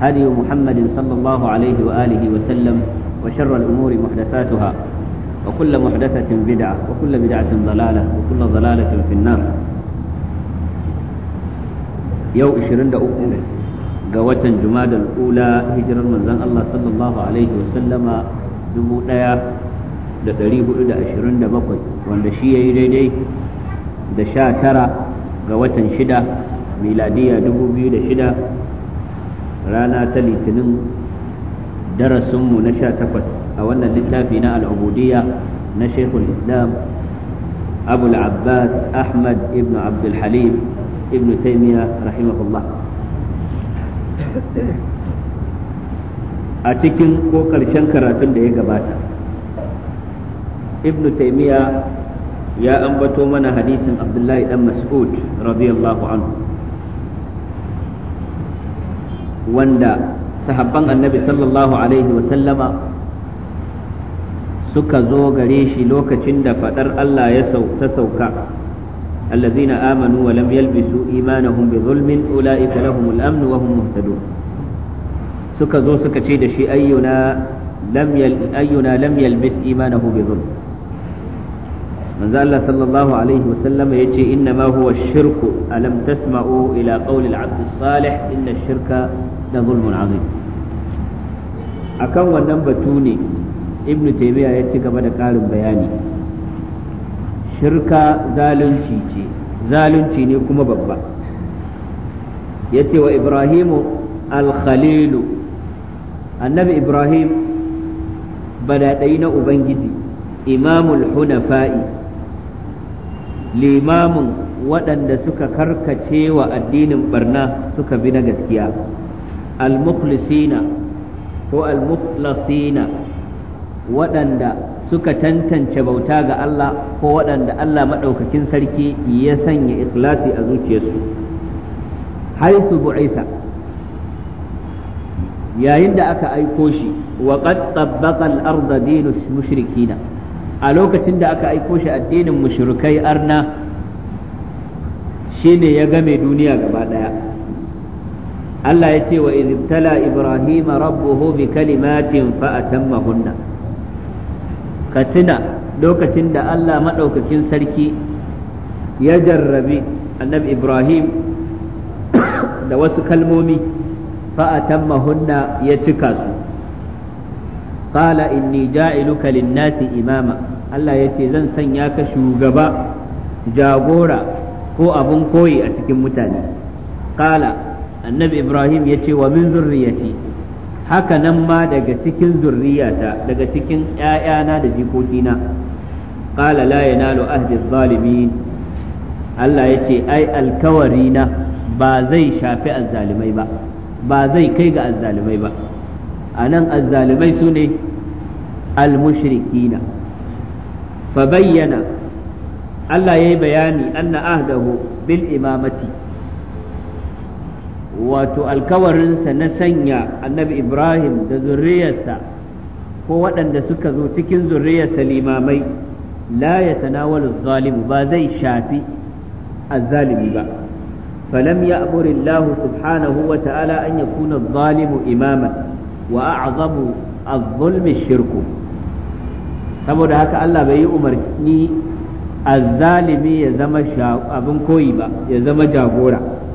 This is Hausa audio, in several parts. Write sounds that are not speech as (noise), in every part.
هدي محمد صلى الله عليه وآله وسلم وشر الأمور محدثاتها وكل محدثة بدعة وكل بدعة ضلالة وكل ضلالة في النار يو إشرند أقول قوة جماد الأولى هجر المنزل الله صلى الله عليه وسلم دموتايا da ɗari hudu da ashirin da bakwai wanda shi ya yi daidai da sha tara ga watan shida miladiya dubu biyu da shida rana ta litinin darasinmu na sha takwas a wannan littafi na al'ubudiyya na shekul islam abul abbas ahmad ibn abdulhalim ibn taimiyya rahimahullah a cikin ko karshen karatun da ya gabata ibn taimiyya ya ambato mana hadisin abdullahi dan mas'ud radiyallahu anhu wanda sahabban annabi sallallahu alaihi wasallama suka zo gare shi lokacin da fadar Allah ya ta sauka amanu wa الذين آمنوا ولم يلبسوا إيمانهم بظلم أولئك لهم الأمن وهم مهتدون suka zo suka ce da shi ayyuna lam yalbis imanahu bi zulm manzo Allah sallallahu alaihi wasallam yace inna ma huwa shirku alam tasma'u ila qawli al-abd salih inna ash-shirka da zulmun azim akan wannan batu ne ibn Taimiyya ya ci gaba da ƙarin bayani shirka zalunci ce zalunci ne kuma babba ya ce wa ibrahimu alkhalilu annabi ibrahim badaɗai na ubangiji imamul hunafa'i limamin waɗanda suka karkace wa addinin barna suka bi na gaskiya al-mukhlisina ko al-mukhlasina waɗanda suka tantance bauta ga Allah ko waɗanda Allah maɗaukakin sarki ya sanya ikhlasi a zuciyarsu haisu bu'isa yayin da aka aiko shi wa qad tabbaqa al mushrikina a lokacin da aka aiko shi addinin mushrikai arna shine ya game duniya gaba daya Allah ya ce wa ibtala Ibrahim rabbuhu bi kalimatin fa atammahunna ka tuna lokacin da Allah madaukakin sarki ya jarrabi annabi Ibrahim da wasu kalmomi fa ya cika su qala inni ja'iluka lin-nasi imama Allah ya ce zan sanya ka shugaba jagora ko abun koyi a cikin mutane qala annabi ibrahim ya ce wa min zurriyati haka nan ma daga cikin zurriyata daga cikin ‘ya'yana da jikokina qala la yanalu ahdi zalimin Allah ya ce ai alkawari na ba zai shafi azzalimai ba ba zai kai ga azzalimai ba a nan azzalimai su ne almushrikina fa bayyana Allah ya yi bayani anna ahdahu bil imamati wato alkawarinsa na sanya annabi ibrahim da zurriyarsa ko waɗanda suka zo cikin zurriyarsa limamai la ya tanawalu zalimu ba zai shafi azzalimi ba falam ya Allah subhanahu wa ta'ala an kuna zalimu imaman wa a'zamu az-zulmi shirku saboda haka Allah bai yi umarni azzalimi ya zama abin koyi ba ya zama jagora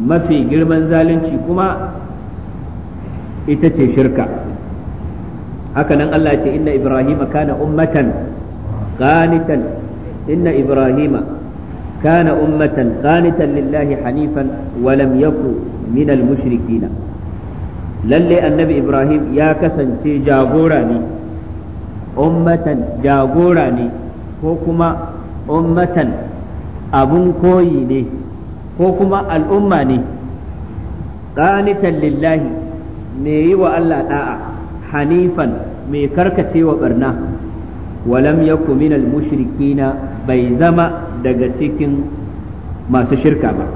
mafi girman zalunci kuma ita ce shirka hakanan Allah ce inna ibrahima kana ummatan qanitan inna ibrahima kana ummatan qanitan lillahi hanifan wa lam yaku min al mushrikina lalle annabi ibrahim ya kasance jagora ne ummatan jagora ne ko kuma ummatan abun koyi ne ko kuma al'umma ne qanitan lillahi me yi wa Allah ɗa'a hanifan mai karkacewa barna walam yaku mushrikina bai zama daga cikin masu shirka ba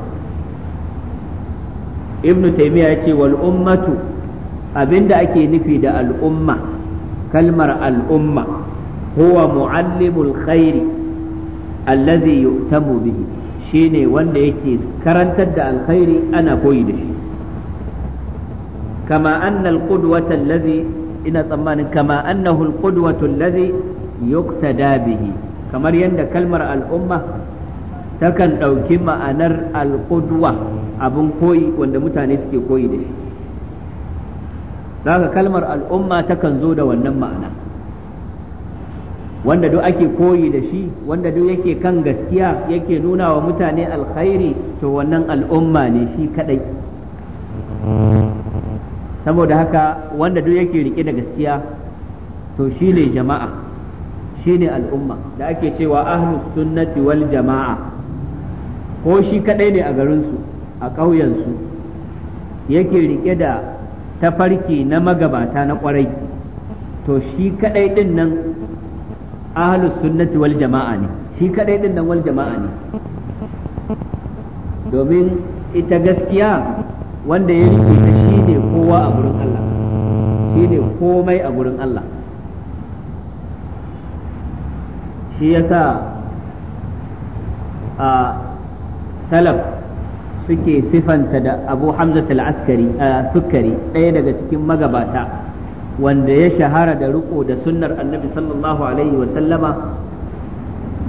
ibn taymiya ce wal ummatu abinda ake nufi da al'umma kalmar al'umma huwa muallimul khairi allazi yu'tamu bihi shine wanda yake karantar da alkhairi ana koyi da shi kama annal qudwata allazi ina tsammanin kama annahu alqudwatu allazi yuqtada bihi kamar yadda kalmar al'umma takan ɗauki ma'anar alqudwa abin koyi wanda mutane suke koyi da shi ka kalmar al'umma takan zo da wannan ma'ana wanda duk ake koyi da shi wanda duk yake kan gaskiya yake nuna wa mutane alkhairi to wannan al'umma ne shi kadai saboda haka wanda duk yake rike da gaskiya to shi ne jama'a shi ne al'umma da ake cewa ahlus sunnati wal jama'a ko shi kadai ne a garinsu a ƙauyensu yake rike da tafarki na magabata na kwarai to shi kadai din nan ahlus sunnati wal jama'a ne shi kadai din nan wal jama'a ne domin ita gaskiya wanda ya rike ta ne kowa a gurin Allah shi ne komai a gurin Allah shi yasa a salaf suke sifanta da abu hamza al-askari sukari ɗaya daga cikin magabata wanda ya shahara da riko da sunnar annabi sallallahu alaihi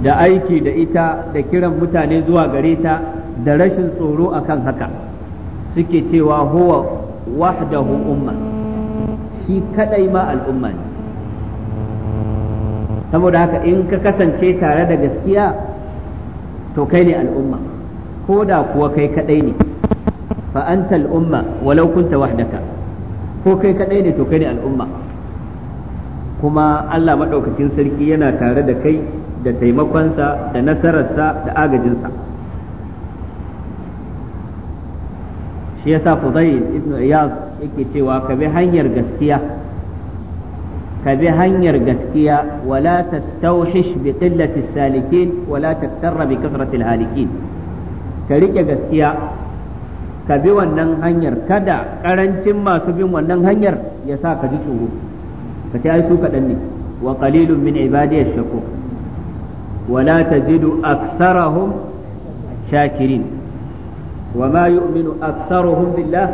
da aiki da ita da kiran mutane zuwa gare ta da rashin tsoro akan haka suke cewa huwa wahdahu umma shi kadai ma al'umma ne saboda haka in ka kasance tare da gaskiya to kai ne al'umma ko da kuwa kai kadai ne fa'antal umma al'umma walau kunta wahdaka ko kai kadai ne to kai ne al'umma kuma Allah maɗaukakin sarki yana tare da kai da taimakonsa da nasararsa da agajinsa shi yasa Fudayl ibn Iyad yake cewa ka bi hanyar gaskiya ka bi hanyar gaskiya wala tastawhish bi qillati salikin wala tattarra bi kathrati halikin ka rike gaskiya ka bi wannan hanyar kada karancin masu bin wannan hanyar ya sa ka ji tsoro ka ce ai su kaɗan ne wa qalilun min ibadiyash shakur wala tajidu aktharahum shakirin wa ma yu'minu aktharuhum billah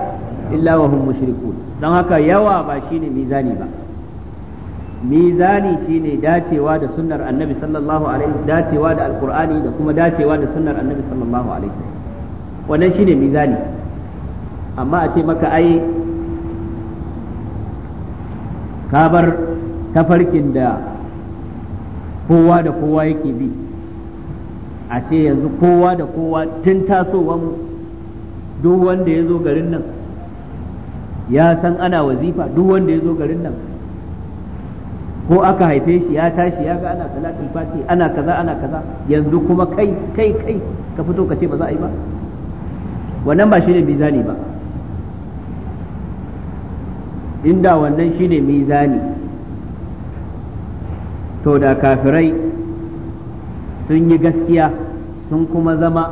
illa wa hum mushrikun dan haka yawa ba shine mizani ba mizani shine dacewa da sunnar annabi sallallahu alaihi dacewa da alqur'ani da kuma dacewa da sunnar annabi sallallahu alaihi wannan shine mizani amma a ce maka ai ka bar tafarkin da kowa da kowa yake bi a ce yanzu kowa da kowa tun tasowar duk wanda ya zo garin nan ya san ana wazifa duk wanda ya zo garin nan ko aka haife shi ya tashi ya ga ana salatul fati ana kaza ana kaza yanzu kuma kai kai kai ka fito ka ce ba za a yi ba wannan ba shi ne bizani ba inda wannan shine mizani to da kafirai sun yi gaskiya sun kuma zama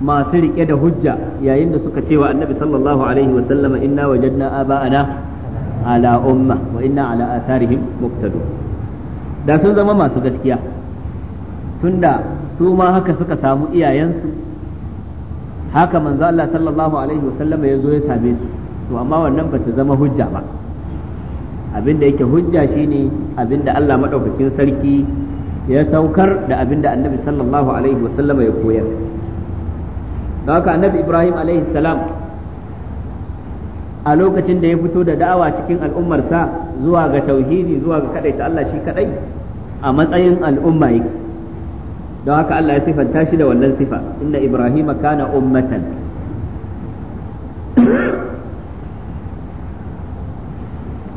masu riƙe da hujja yayin da suka cewa annabi sallallahu alaihi wasallama inna wajadna aba'ana ala umma wa inna ala atharihim muqtadu da sun zama masu gaskiya tunda su ma haka suka samu iyayensu haka manzo Allah sallallahu alaihi wasallama ya zo ya same su to amma wannan ba ta zama hujja ba abinda yake hujja shine abinda Allah madaukakin sarki ya saukar da abinda annabi sallallahu alaihi wasallama ya koyar don haka annabi ibrahim alaihi salam a lokacin da ya fito da da'awa cikin al'ummarsa zuwa ga tauhidi zuwa ga ta Allah shi kadai a matsayin al'umma yake don haka Allah ya sifanta shi da wannan sifa inna ibrahima kana ummatan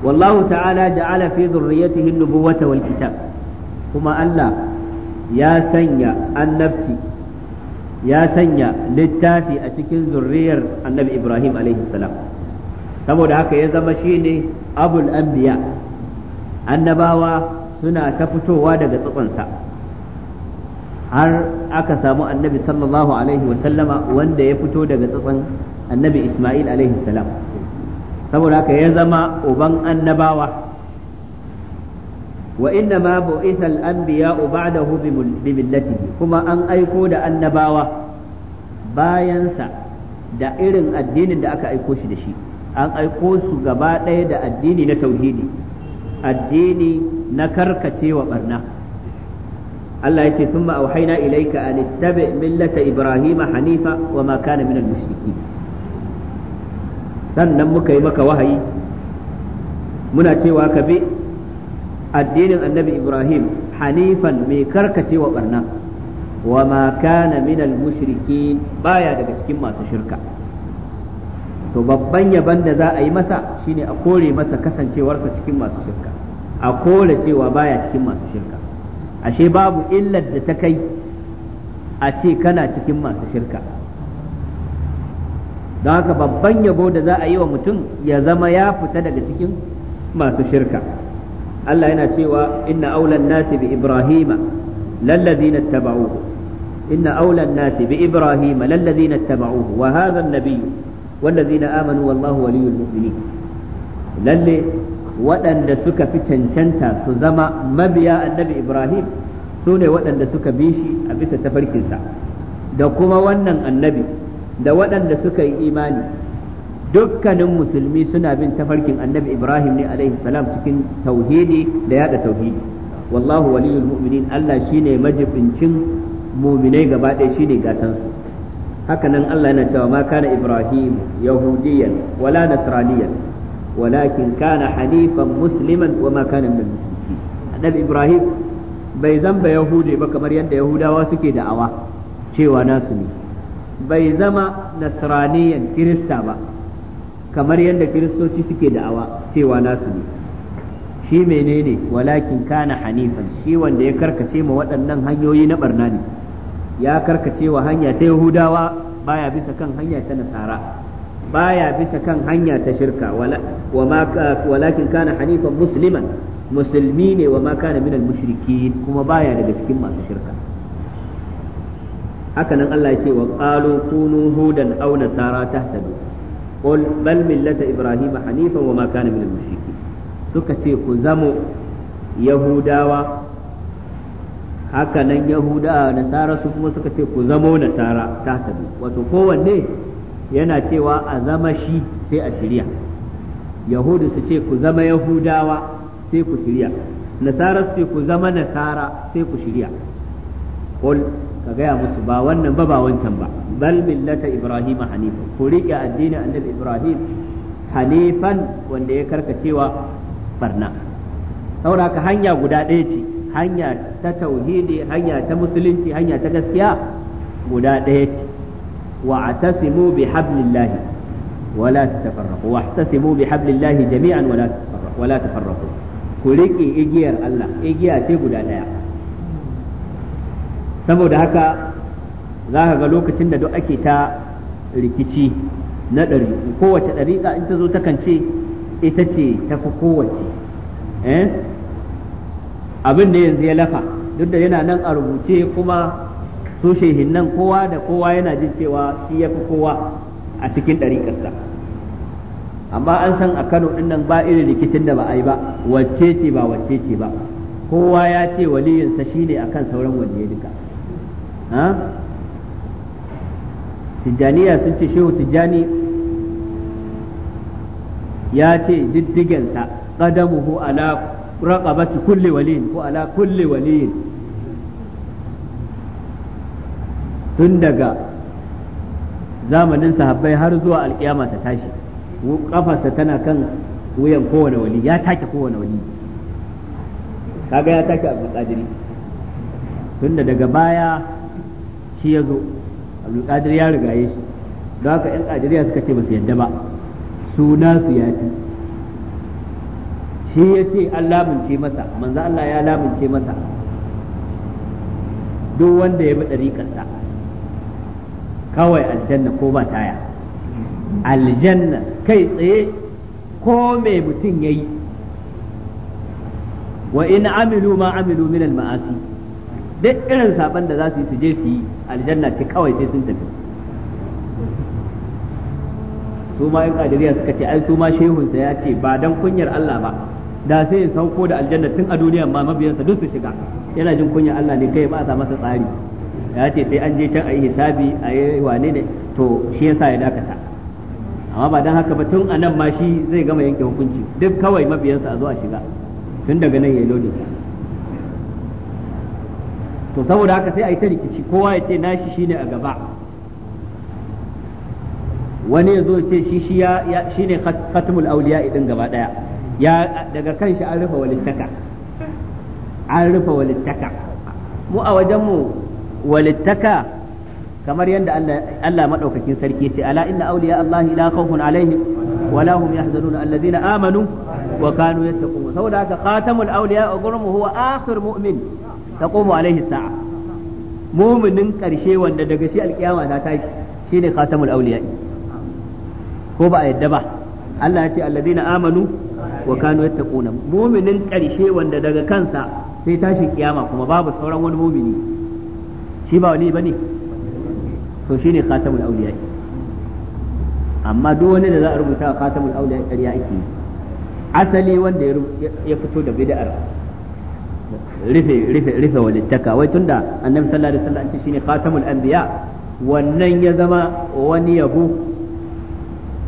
wallahu ta'ala ja'ala fi zurriyatihi an-nubuwata wal kitab kuma Allah ya sanya annabci ya sanya littafi a cikin zurriyar annabi Ibrahim salam saboda haka ya zama shine abul anbiya annabawa suna ta fitowa daga tsatsansa har aka samu annabi sallallahu alaihi wasallama wanda ya fito daga tsatsan annabi Ismail alaihi salam saboda haka ya zama uban annabawa wa inna ma bu'isa al-anbiya'u ba'dahu bi millatihi kuma an aiko da annabawa bayansa da irin addinin da aka aiko shi da shi an aiko su gaba ɗaya da addini na tauhidi addini na karkacewa barna Allah ya ce thumma auhayna ilayka an ittabi millata ibrahima hanifa wa ma kana minal sannan muka yi maka wahayi muna cewa ka bi addinin annabi ibrahim hanifan mai karkacewa barna wa ma kana minal mushrikin baya daga cikin masu shirka to babban yaban da za a yi masa shine a kore masa kasancewarsa cikin masu shirka a kore cewa baya cikin masu shirka ashe babu illar da ta kai a ce kana cikin masu shirka don haka babban yabo da za a yi wa mutum ya zama ya fita daga cikin masu shirka Allah yana cewa inna aulan nasi bi ibrahima lallazina tabauhu inna aulan nasi bi ibrahima lallazina tabauhu wa hadha an wallazina amanu wallahu waliyul mu'minin lalle waɗanda suka fi cancanta su zama mabiya annabi ibrahim su ne waɗanda suka bi shi a bisa tafarkinsa da kuma wannan annabi da waɗanda suka yi imani dukkanin musulmi suna bin tafarkin annabi ibrahim ne alaihi salam cikin tauhidi da yada tauhidi wallahu waliyul mu'minin allah shine majibincin mu'minai gaba ɗaya shine gatansu haka nan allah yana cewa ma kana ibrahim yahudiyan wala nasraniyan walakin kana hanifan musliman wa ma kana min annabi ibrahim bai zamba yahudi ba kamar yadda yahudawa suke da'awa cewa nasu ne bai zama nasraniyan kirista ba kamar yadda kiristoci suke da'awa cewa nasu ne shi menene walakin kana hanifan shi wanda ya karkace ma waɗannan hanyoyi na barna ne ya karkace wa hanya ta yahudawa baya bisa kan hanya ta nasara baya bisa kan hanya ta shirka walakin kana hanifan musliman musulmi ne wa ma kana minal mushrikin kuma baya daga cikin masu shirka haka nan Allah ya ce wa qalu kunu hudan aw nasara tahtadu qul bal millata ibrahim hanifan wa ma kana minal mushrikin suka ce ku zamo yahudawa haka nan yahudawa nasara su kuma suka ce ku zamo nasara tahtadu wato kowanne yana cewa a zama shi sai a shirya yahudu su ce ku zama yahudawa sai ku shirya nasara su ce ku zama nasara sai ku shirya ka gaya musu ba wannan ba ba wancan ba bal millata ibrahim hanifa ku riƙe addinin annabi ibrahim hanifan wanda ya karkacewa barna saboda ka hanya guda ɗaya ce hanya ta tauhidi hanya ta musulunci hanya ta gaskiya guda ɗaya ce wa atasimu bi hablillahi wala tatafarraqu wa atasimu bi hablillahi jami'an wala tatafarraqu wala tafarraqu ku riƙe igiyar Allah igiya ce guda ɗaya saboda haka za ka ga lokacin da duk ake ta rikici na ɗari kowace ɗariƙa in ta zo ta ce ita ce fi kowace eh? abin da yanzu ya lafa duk da yana nan a rubuce kuma su shehin nan kowa da kowa yana jin cewa shi ya fi kowa a cikin ɗariƙarsa amma an san a kano ɗin nan ba irin rikicin da ba a yi ba wacce ce ba wacce ce ba kowa ya ce waliyinsa shine akan sauran ya duka tijjaniya sun ce shehu tijjani ya ce diddigensa qadamuhu ala raqabati kulli waliyin ko ala kulli waliyin tun daga zamanin sahabbai har zuwa alkiyama ta tashi kafarsa tana kan wuyan kowane wali ya take kowane wali kaga ya take abu kadiri tun daga baya shi ya zo abdulkadir ya rigaye shi don haka yan ajiriya suka ce ba su yadda ba suna su ya fi shi ya ce an lamince masa manzo Allah ya lamince masa duk wanda ya bi ɗariƙarsa kawai aljanna ko ba taya aljanna kai tsaye ko mai mutum ya yi wa in amilu ma amilu min maasi duk irin saban da za su yi su je su yi aljanna ce kawai sai sun tafi su ma in kadiriya suka ce ai su ma shehunsa ya ce ba dan kunyar Allah ba da sai ya sauko da aljanna tun a duniya ma mabiyansa duk su shiga yana jin kunyar Allah ne kai ba sa masa tsari ya ce sai an je can a yi hisabi a yi wane ne to shi yasa ya dakata amma ba dan haka ba tun a nan ma shi zai gama yanke hukunci duk kawai mabiyansa a zo a shiga tun daga nan ya yi lodin to saboda haka sai a yi ta rikici kowa ya ce nashi shine a gaba wani ya zo ce shi shi ya shine khatmul awliya gaba daya ya daga kan shi an rufe walittaka an rufe walittaka mu a wajen mu walittaka kamar yadda Allah madaukakin sarki ce ala inna auliya. Allah la khawfun alaihim wala hum yahzanun alladhina amanu wa kanu yattaqun saboda haka a huwa akhir mu'min taqumu alaihi sa'a muminin karshe wanda daga shi alkiyama ta tashi shine khatamul awliya ko ba a yadda ba Allah ya ce alladina amanu wa kanu yattaquna muminin karshe wanda daga kansa sai tashi kiyama kuma babu sauran wani mumini shi ba wani bane to shine khatamul awliya amma duk wani da za a rubuta khatamul awliya ƙarya ake asali wanda ya fito da bid'ar rufe rufe rufe walittaka wai tunda annabi sallallahu alaihi wasallam ce shine khatamul anbiya wannan ya zama wani yabo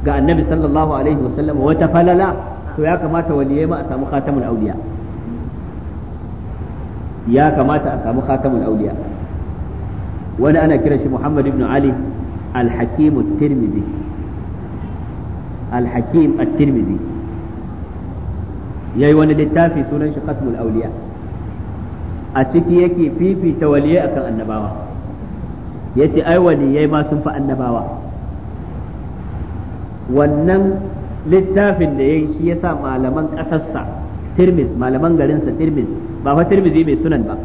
ga annabi sallallahu alaihi wasallam wata falala to ya kamata waliyai ma a samu khatamul auliya ya kamata a samu khatamul auliya wani ana kiran shi Muhammad ibn Ali al-Hakim at-Tirmidhi al-Hakim at-Tirmidhi yayi wani littafi sunan shi Khatmul Awliya a ciki yake fifita waliyai akan annabawa ya ce ai waliyai ma sun fi annabawa wannan littafin da ya yi shi ya sa malaman ƙasarsa tirmis, malaman garinsa tirmis, ba fa Tirmidhi mai sunan ba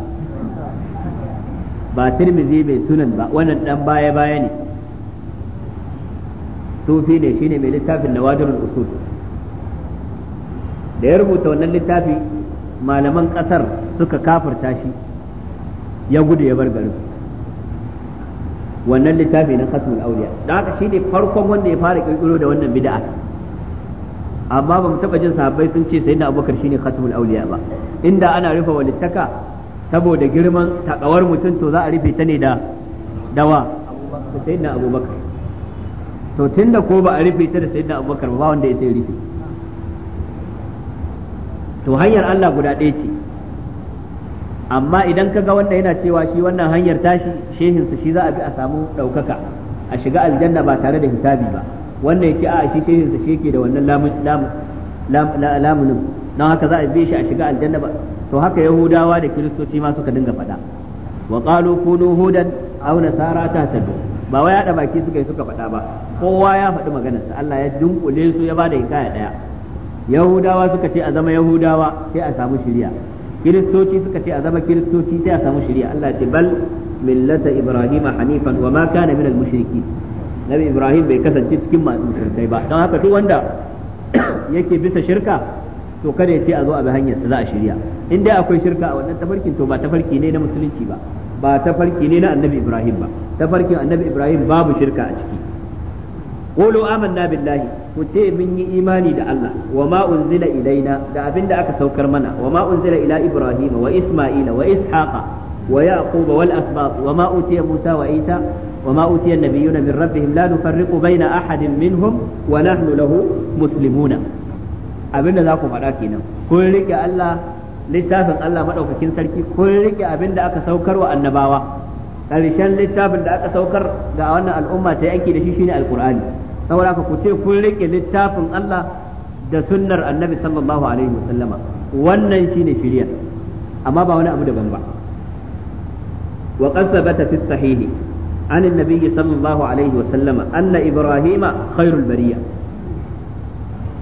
ba Tirmidhi mai sunan ba wannan dan baya baya ne sufi ne shine mai littafin nawadirul usul da ya rubuta wannan littafi malaman ƙasar suka kafarta shi ya gudu ya bar garin wannan littafi na khasmul auliya don haka ne farkon wanda ya fara kirkiro da wannan bid'a amma ba mu taba jin sahabbai sun ce sayyidina abubakar shine khasmul auliya ba inda ana rufe walittaka saboda girman takawar mutum to za a rufe ta ne da dawa da sayyidina abubakar to tunda ko ba a rufe ta da sayyidina abubakar ba wanda ya sai rufe to hanyar Allah guda ɗaya ce amma idan ka ga wanda yana cewa shi wannan hanyar tashi shehinsa shi za a bi a samu ɗaukaka a shiga aljanna ba tare da hisabi ba wannan yake a shi shehinsa shi yake da wannan lamunin don haka za a bi shi a shiga aljanna ba to haka yahudawa da kiristoci ma suka dinga faɗa wa qalu kunu hudan aw nasara tahtadu ba wai hada baki suka yi suka faɗa ba kowa ya faɗi maganarsa Allah ya dunkule su ya bada hikaya daya yahudawa suka ce a zama yahudawa sai a samu shiriya kiristoci suka ce a zama kiristoci sai a samu shari'a Allah ce bal millata ibrahima hanifan wa ma kana minal mushriki nabi ibrahim bai kasance cikin masu shirkai ba don haka duk wanda (coughs) yake bisa shirka to kada ya ce a zo a bi hanyar sa za a shari'a in dai akwai shirka a wannan tafarkin to ba tafarki ne na musulunci ba ba tafarki ne na annabi ibrahim ba tafarkin annabi ibrahim babu shirka a ciki qulu amanna billahi ku ce mun yi imani da Allah wa ma unzila ilaina da abinda aka saukar mana wa ma unzila ila ibrahima wa isma'ila wa ishaqa wa yaquba wal asbat wa ma utiya musa wa isa wa ma utiya nabiyuna min rabbihim la nufarriqu baina ahadin min wa nahnu lahu muslimuna abinda za ku faɗa kenan kun rike Allah littafin Allah madaukakin sarki kun rike abinda aka saukar wa annabawa ƙarshen littafin da aka saukar ga wannan al'umma ta yanki da shi shine alqur'ani saboda ku ce kun rike littafin Allah da sunnar annabi sallallahu alaihi wasallama wannan shine shiriya amma ba wani abu daban ba wa qad thabata fi sahihi an annabi sallallahu alaihi wasallama anna ibrahima khairul bariya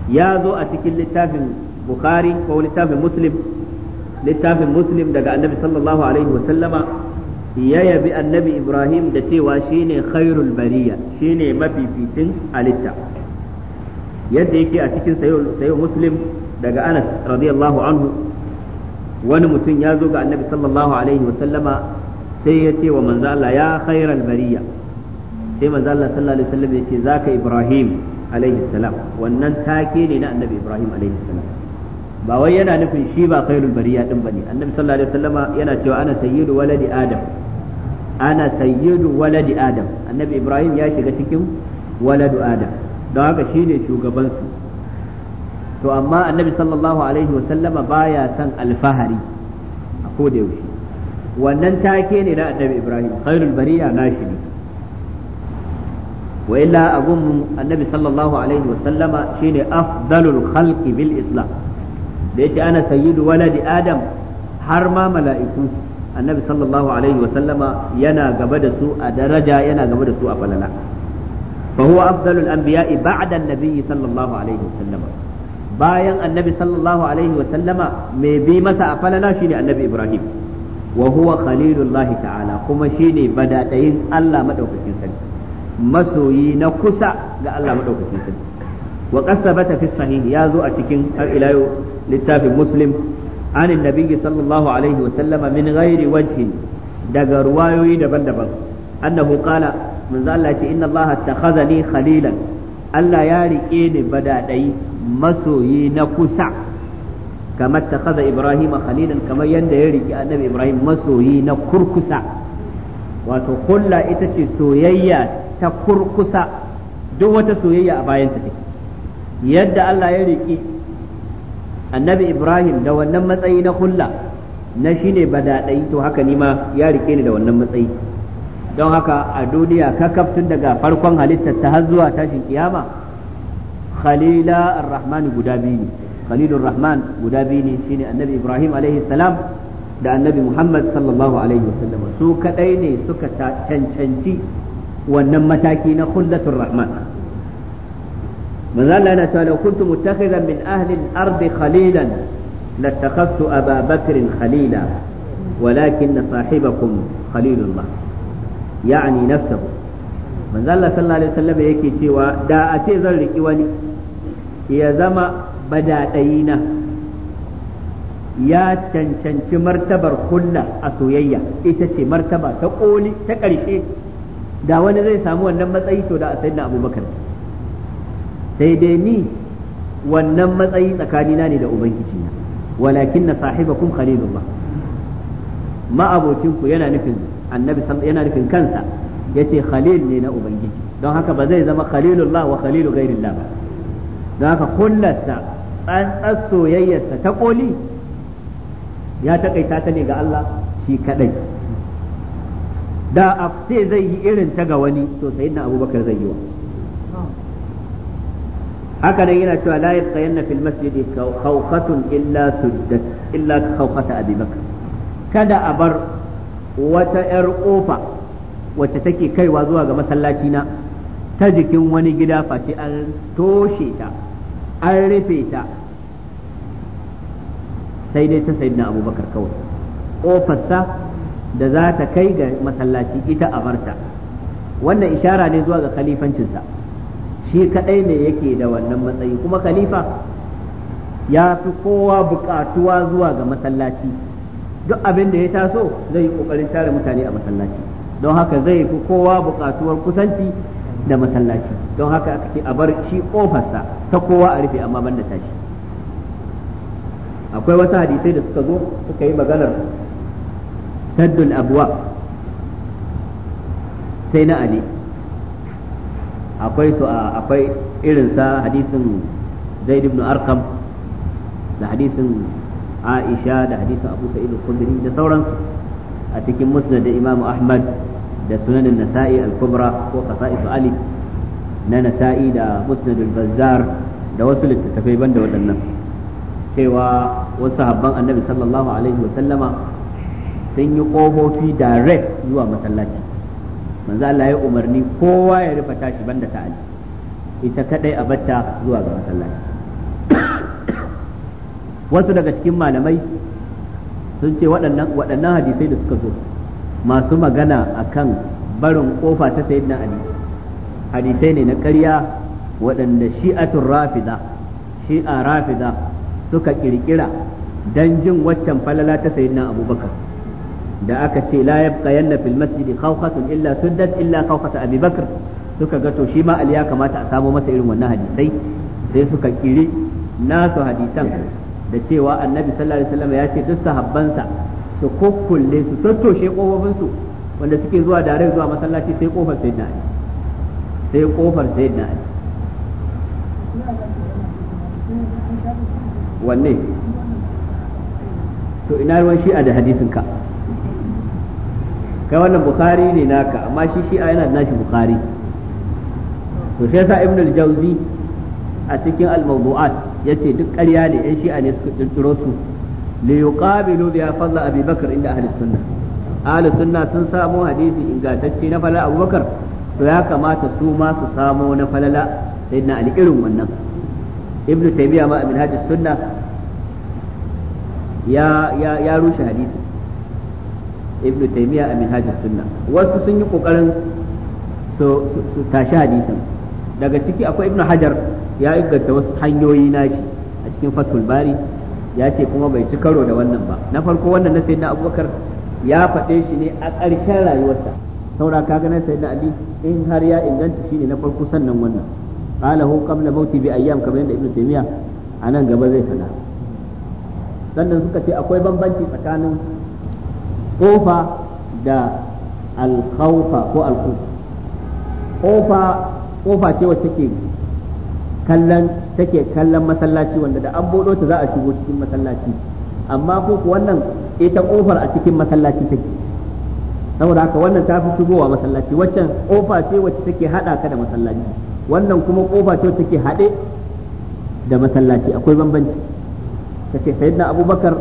ya zo a cikin littafin bukhari ko littafin muslim littafin muslim daga annabi sallallahu alaihi wasallama ya yabi annabi ibrahim da cewa shine khairul bariya shine mafificin halitta yadda yake a cikin sayo muslim daga anas radiyallahu anhu wani mutum ya zo ga annabi sallallahu alaihi wasallama sai ya ce wa manzo ya khairal bariya sai manzo Allah sallallahu alaihi wasallam ya ce zaka ibrahim alaihi salam wannan take ne na annabi ibrahim alaihi salam ba wai yana nufin shi ba khairul bariya din bane annabi sallallahu alaihi wasallama yana cewa ana sayyidu waladi adam ana sayyidu waladi adam annabi ibrahim ya shiga cikin waladu adam don haka shine shugabansu to amma annabi sallallahu alaihi wasallama baya son alfahari a koda yaushe wannan take ne na annabi ibrahim khairul bariya nashi ne wa illa abun annabi sallallahu alaihi wasallama shine afdalul khalqi bil islam da yace ana sayyidu waladi adam har ma mala'iku annabi sallallahu alaihi wa sallama yana gaba da su a daraja yana gaba da su a falala fa huwa afdalul anbiya'i ba'da an-nabi sallallahu alaihi wa sallama bayan annabi sallallahu alaihi wa sallama mai bi masa a falala shine annabi ibrahim wa huwa khalilullah ta'ala kuma shine badadayin Allah madaukakin sarki masoyi na kusa ga Allah madaukakin sarki wa qasabata fi sahih ya zo a cikin har ila littafin muslim عن النبي صلى الله عليه وسلم من غير وجه دقى روايوي دبن دبن أنه قال من ذا الله إن الله اتخذني خليلا ألا ياري إيني بدا دي مسوي نكسع كما اتخذ إبراهيم خليلا كما يند يري النبي إبراهيم مسوي نكركسع وتقول لا إتشي سويا تكركسع duk wata soyayya a bayanta take yadda Allah ya riƙi annabi ibrahim da wannan matsayi na kulla na shine badaɗai to haka nima ya rike ni da wannan matsayi don haka a duniya kakaftun daga farkon halittar ta har zuwa tashin kiyama khalila ar-rahman guda biyu ne khalilur rahman guda biyu ne shine annabi ibrahim alaihi salam da annabi muhammad sallallahu alaihi wasallam su kadai ne suka cancanci wannan mataki na khullatur rahman manzo Allah yana cewa kuntu muttakhidan min ahli al-ard khalilan lattakhadtu Aba Bakr khalila walakin sahibakum khalilullah yani nafsuhu manzo Allah sallallahu alaihi wasallam yake cewa da a ce zan riki wani ya zama badadayina ya cancanci martabar kunna a soyayya ita ce martaba ta koli ta ƙarshe da wani zai samu wannan matsayi to da a sayyidina abubakar sai dai ni wannan matsayi tsakanina ne da ubangiji na walakin na sahibakum khalilullah ma'abocinku yana nufin annabi yana nufin kansa yace khalil ne na ubangiji don haka ba zai zama khalilullah wa khalilu ghairillah ba don haka kullasta tsantsar soyayyarsa ta koli ya takaita ta ne ga Allah shi kadai da afte zai yi irin ta ga wani to sayyidina abubakar zai yi wa haka nan yana cewa la yabqayanna fil masjidi haukatun illa suddat illa haukata abi bakr kada a bar wata yar kofa wacce take kaiwa zuwa ga masallaci na ta jikin wani gida face an toshe ta an rufe ta sai dai ta sayi na abubakar kawai kofarsa da za ta kai ga masallaci ita a barta wannan ishara ne zuwa ga khalifancinsa shi kadai ne yake da wannan matsayi kuma khalifa ya fi kowa bukatuwa zuwa ga masallaci duk abin da ya taso zai yi ƙoƙarin tare mutane a masallaci don haka zai fi kowa bukatuwar kusanci da masallaci don haka aka ce a bar shi kofarsa ta kowa a rufe amma ban tashi akwai wasu hadisai da suka zo suka yi maganar saddul abuwa sai na ali akwai su akwai irin sa hadisin zaid ibn arqam da hadisin aisha da hadisin abu sa'id al-khudri da sauran a cikin musnad da imam ahmad da sunan nasa'i al-kubra ko qasa'is ali na nasa'i da musnad al-bazzar da wasu littattafai banda waɗannan cewa wasu habban annabi sallallahu alaihi wa sallama sun yi kofofi direct zuwa masallaci manzo Allah ya umarni kowa ya rufa tashi banda ta Ali ita kadai a batta zuwa ga masallaci wasu daga cikin malamai sun ce waɗannan waɗannan hadisai da suka zo masu magana akan barin kofa ta sayyidina Ali hadisai ne na ƙarya waɗanda shi'atun rafida shi'a rafida suka kirkira dan jin waccan falala ta sayyidina Abubakar da aka ce la yabqa yanna fil masjid khawfatun illa suddat illa khawfata abi bakr suka ga to shi ma ali ya kamata a samo masa irin wannan hadisai sai suka kiri nasu hadisan da cewa annabi sallallahu alaihi wasallam ya ce duk sahabbansa su kokkulle su tattoshe kofofin su wanda suke zuwa dare zuwa masallaci sai kofar sayyidina ali sai kofar sayyidina ali wanne to ina ruwan shi'a da hadisin ka kai wannan bukari ne naka amma shi shi'a yana da nashi bukari to shi yasa ibn al-jawzi a cikin al-mawdu'at yace duk ƙarya ne yan shi'a ne suka kirkiro su li yuqabilu bi fadla abi bakr inda ahli sunna ahli sunna sun samo hadisi ingantacce na falala abubakar to ya kamata su ma su samo na falala sayyidina ali irin wannan ibn taymiya ma min hadis sunna ya ya ya rushe hadisi ibnu taymiya a minhajus sunna wasu sun yi kokarin su tashi hadisin daga ciki akwai ibnu hajar ya inganta wasu hanyoyi nashi a cikin fathul bari ya ce kuma bai ci karo da wannan ba na farko wannan na sayyidina abubakar ya faɗe shi ne a ƙarshen rayuwarsa saura ga na sayyidina ali in har ya inganta shine na farko sannan wannan hu qabla mauti bi ayyam kamar yadda ibnu taymiya a nan gaba zai faɗa sannan suka ce akwai bambanci tsakanin kofa da alkaufa ko alkuf kofa kofa ce wacce take kallon take kallon masallaci wanda da an bodo ta za a shigo cikin masallaci amma ko wannan ita kofar a cikin masallaci take saboda haka wannan ta fi shigowa masallaci waccan kofa ce wacce take hada ka da masallaci wannan kuma kofa ce wacce take hade da masallaci akwai bambanci kace sayyidina abubakar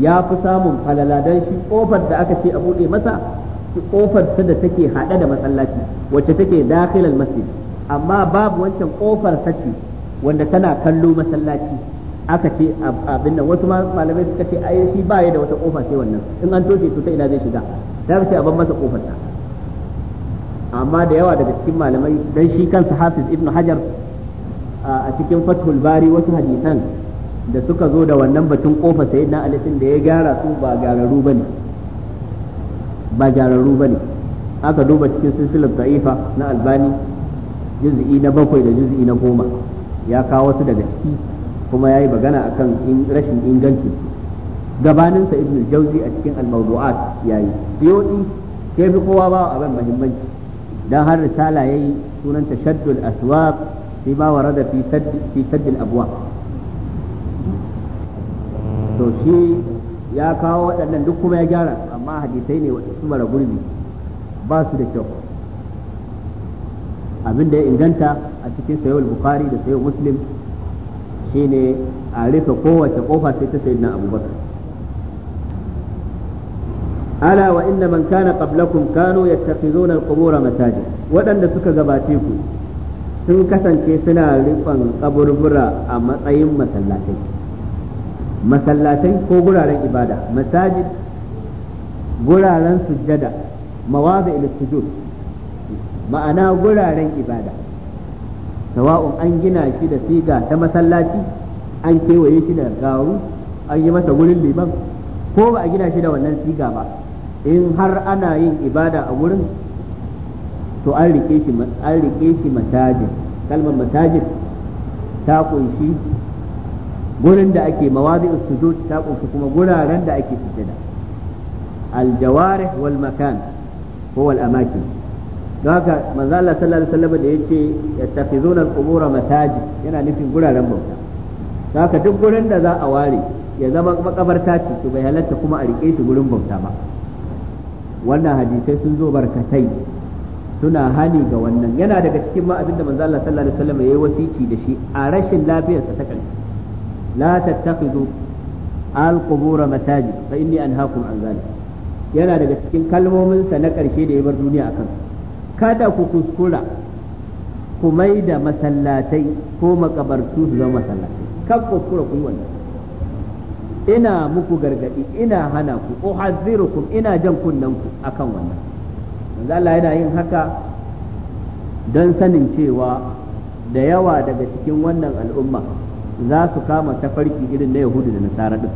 ya fi samun falala dan shi kofar da aka ce a buɗe masa kofar ta da take haɗe da masallaci wacce take dakhilal masjid amma babu wancan kofar sace wanda tana kallo masallaci aka ce abin nan wasu malamai suka ce ai shi ba ya da wata kofa sai wannan in an toshe to ta ina zai shiga da ce a ban masa kofar ta amma da yawa daga cikin malamai dan shi kansa Hafiz Ibn Hajar a cikin Fathul Bari wasu hadisan da suka zo da wannan batun kofa sai na alifin da ya gyara su ba gyararru bane ba gyararru bane aka duba cikin silsilar da'ifa na albani juz'i na bakwai da juz'i na goma ya kawo su daga ciki kuma ya yi magana kan rashin inganci gabaninsa ibn jauzi a cikin al-mawdu'at yayi siyodi sai fi kowa ba abin muhimmanci dan har risala yayi sunan tashaddul aswaq fi ma warada fi sadd fi sadd al-abwab to shi ya kawo waɗannan duk kuma ya gyara amma hadisai ne wata su mara gurbi ba su da kyau abin da ya inganta a cikin sayo bukhari da sayo muslim ne a rufe kowace kofa sai ta sayi na abubakar ala wa inna man kana qablakum kanu yattaqizuna al kuma masajid waɗanda suka gabace ku sun kasance suna rufan kaburbura a matsayin masallatai masallatai ko guraren ibada masajid guraren sujjada mawazi sujud ma'ana guraren ibada sawa'un an gina shi da siga ta masallaci an kewaye shi da garu an yi masa gurin liman ko ba a gina shi da wannan siga ba in har ana yin ibada a gurin to an rike shi masajid kalmar masajid ta kunshi gurin da ake mawazi'us sujud ta kunshi kuma guraren da ake sujada aljawarih wal makan ko wal amakin don haka manzo Allah sallallahu alaihi wasallam da yace yattafizuna al-qubur masajid yana nufin guraren bauta don haka duk gurin da za a ware ya zama makabarta ce to bai halatta kuma a rike shi gurin bauta ba wannan hadisai sun zo barkatai suna hani ga wannan yana daga cikin ma abinda manzo Allah sallallahu alaihi wasallam yayi wasici da shi a rashin lafiyarsa ta kansa la tattakhidhu al-qubur masajid fa inni anhaakum an yana daga cikin kalmomin sa na karshe da ya bar duniya akan kada ku kuskura ku mai da masallatai ko makabartu su zama masallatai kan kuskura ku yi wannan ina muku gargadi ina hana ku uhadhirukum ina jan kunnen ku akan wannan manzo Allah yana yin haka don sanin cewa da yawa daga cikin wannan al'umma za su kama tafarki irin na yahudu da nasara din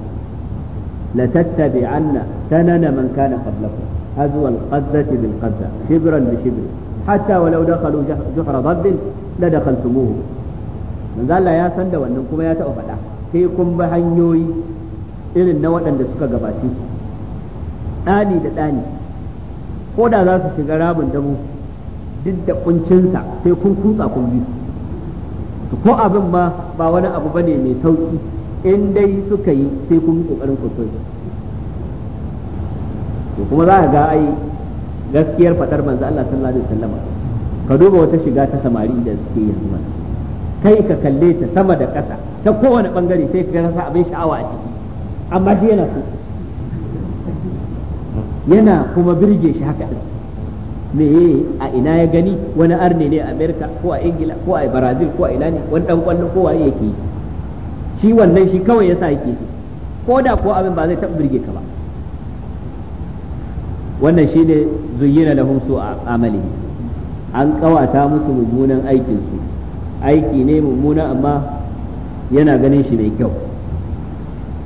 la tattabi'anna sanana man kana qablakum azwa al-qazzati bil qazza shibran bi shibr hatta walau dakhalu juhra dhabbin la dakhaltumuhu manzo Allah ya san da wannan kuma ya taɓa faɗa sai kun bi hanyoyi irin na waɗanda suka gabace su ɗani da ɗani ko da za su shiga rabin damu duk da kuncinsa sai kun kutsa kun bi su ko abin ma ba wani abu bane mai sauki in dai suka yi sai kun yi kokarin to kuma za ka ga ai gaskiyar fadar manzo Allah sallallahu alaihi wasallam ka duba wata shiga ta samari da suke yanzu kai ka kalle ta sama da ƙasa ta kowane bangare sai ka rasa abin sha'awa a ciki amma shi yana so yana kuma birge shi haka din me a ina ya gani wani arne ne a America ko a Ingila ko a Brazil ko a ina ne wani dan kwallo ko waye yake shi wannan shi kawai yasa yake shi ko da ko abin ba zai taɓa birge ka ba wannan shi ne zuyyina lahum su a an kawata musu mummunan aikinsu aiki ne mummuna amma yana ganin shi mai kyau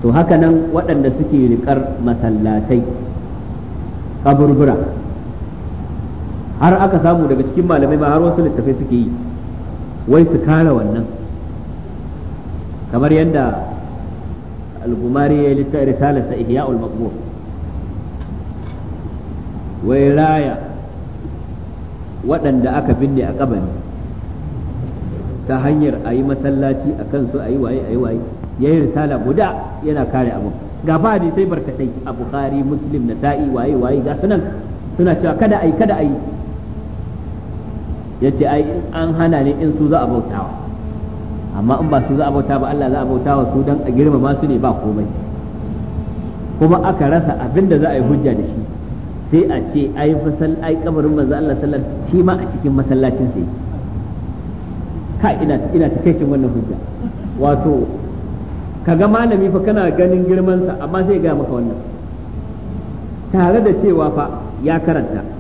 to haka nan waɗanda suke riƙar masallatai kaburbura har aka samu daga cikin malamai ma har wasu littafai suke yi wai su kare wannan kamar yadda al-gumari ya yi risalar sa ihya'ul maqbur wai raya waɗanda aka binne a kabari ta hanyar a yi masallaci a kansu a yi waye a yi waye ya yi risala guda yana kare abu ga ba sai barkatai a bukari muslim na sa'i waye waye ga sunan suna cewa kada a yi kada a yi ya ce ai an hana ne in su za a bautawa amma in ba su za a bauta ba Allah za a bautawa su dan a girmama su ne ba komai kuma aka rasa abin da za a yi hujja da shi sai a ce ai fasal ai kabarin manzo Allah sallallahu alaihi wasallam shi ma a cikin masallacin sai yake ka ina ina takaicin wannan hujja wato kaga malami fa kana ganin girman sa amma sai ga maka wannan tare da cewa fa ya karanta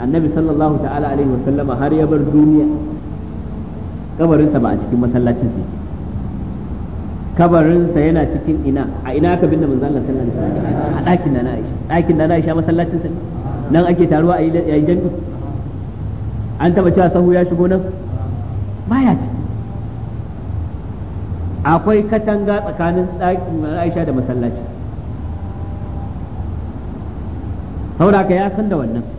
annabi sallallahu ta'ala alaihi wa sallama har ya bar duniya kabarinsa ba a cikin masallacin sa kabarinsa yana cikin ina a ina aka binne manzon Allah sallallahu alaihi wasallam a ɗakin nana Aisha ɗakin nana Aisha masallacin sa nan ake taruwa a yayin jami'i an taba cewa sahu ya shigo nan baya ciki akwai katanga tsakanin ɗakin nana Aisha da masallaci saboda ya san da wannan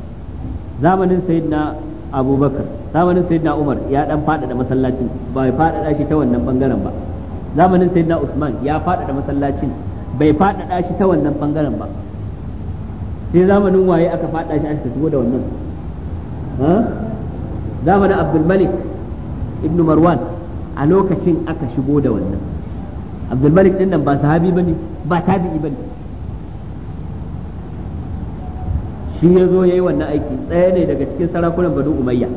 zamanin sayyidina abubakar zamanin sayyidina umar ya dan faɗaɗa masallacin bai faɗaɗa shi ta wannan bangaren ba zamanin sayyidina usman ya faɗaɗa masallacin bai faɗaɗa shi ta wannan bangaren ba sai zamanin waye aka faɗa shi aka shigo da wannan zamanin abdul malik ibnu marwan a lokacin aka shigo da wannan abdul malik din nan ba sahabi bane ba tabi'i bane shi ya zo ya yi wannan aiki tsaye ne daga cikin sarakunan banu umayya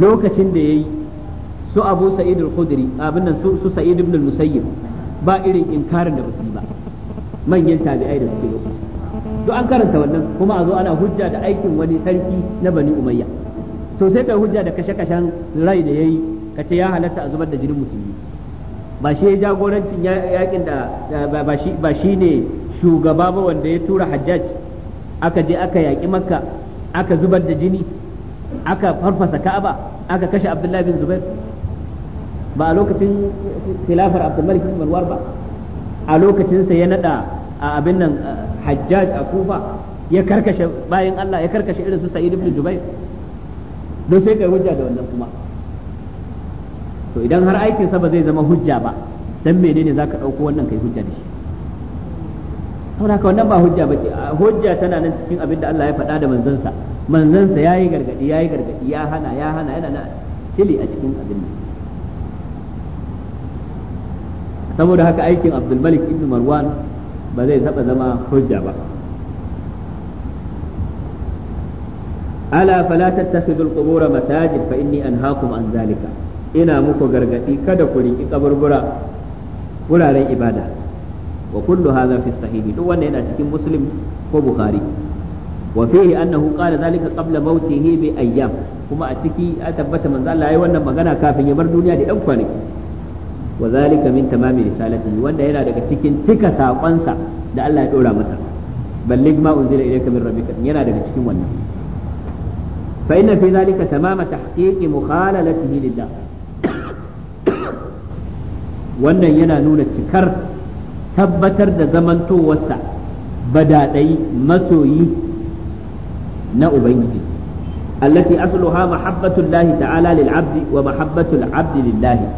lokacin da ya yi su abu sa'id al-khudri abin nan su sa'id ibn al-musayyib ba irin inkarin da musu ba manyan tabi'ai da suke lokaci to an karanta wannan kuma a zo ana hujja da aikin wani sarki na bani umayya to sai ka hujja da kashe-kashen rai da yayi ka ce ya halatta a zubar da jinin musulmi ba shi ya jagorancin yakin da ba shi ne shugaba ba wanda ya tura hajjaj aka je aka yaƙi makka aka zubar da jini aka farfasa ka'aba aka kashe abdullahi bin zubair ba a lokacin khilafar abdulmalik bin marwar ba a lokacinsa ya nada a abin nan hajjaj a kufa ya karkashe bayan allah ya karkashe irin su sa'id bin zubair don sai kai hujja da wannan kuma to idan har aikinsa ba zai zama hujja ba dan menene zaka dauko wannan kai hujja da shi saboda haka wannan ba hujja bace hujja tana nan cikin abin da Allah ya faɗa da manzansa manzansa yayi gargadi yi gargadi ya hana ya hana yana na tili a cikin abin nan saboda haka aikin Abdul Malik ibn Marwan ba zai taba zama hujja ba ala fala tattakhidul qubur masajid fa inni anhaakum an zalika ina muku gargadi kada ku riki kaburbura wuraren ibada wa kullu hadha fi sahihi duk wanda yana cikin muslim ko bukhari wa fihi annahu qala zalika qabla bauti bi ayyam kuma a ciki ya tabbata manzo Allah yayi wannan magana kafin ya bar duniya da ɗan kwanaki wa zalika min tamami risalatihi wanda yana daga cikin cika sakonsa da Allah ya dora masa balligh ma unzila ilayka min rabbika yana daga cikin wannan fa fi tamama (coughs) wannan yana nuna cikar tabbatar da zamantowarsa badaɗai masoyi na ubangiji allati asluha mahabbatul lahi ta'ala lil abdi wa mahabbatul abdi lillahi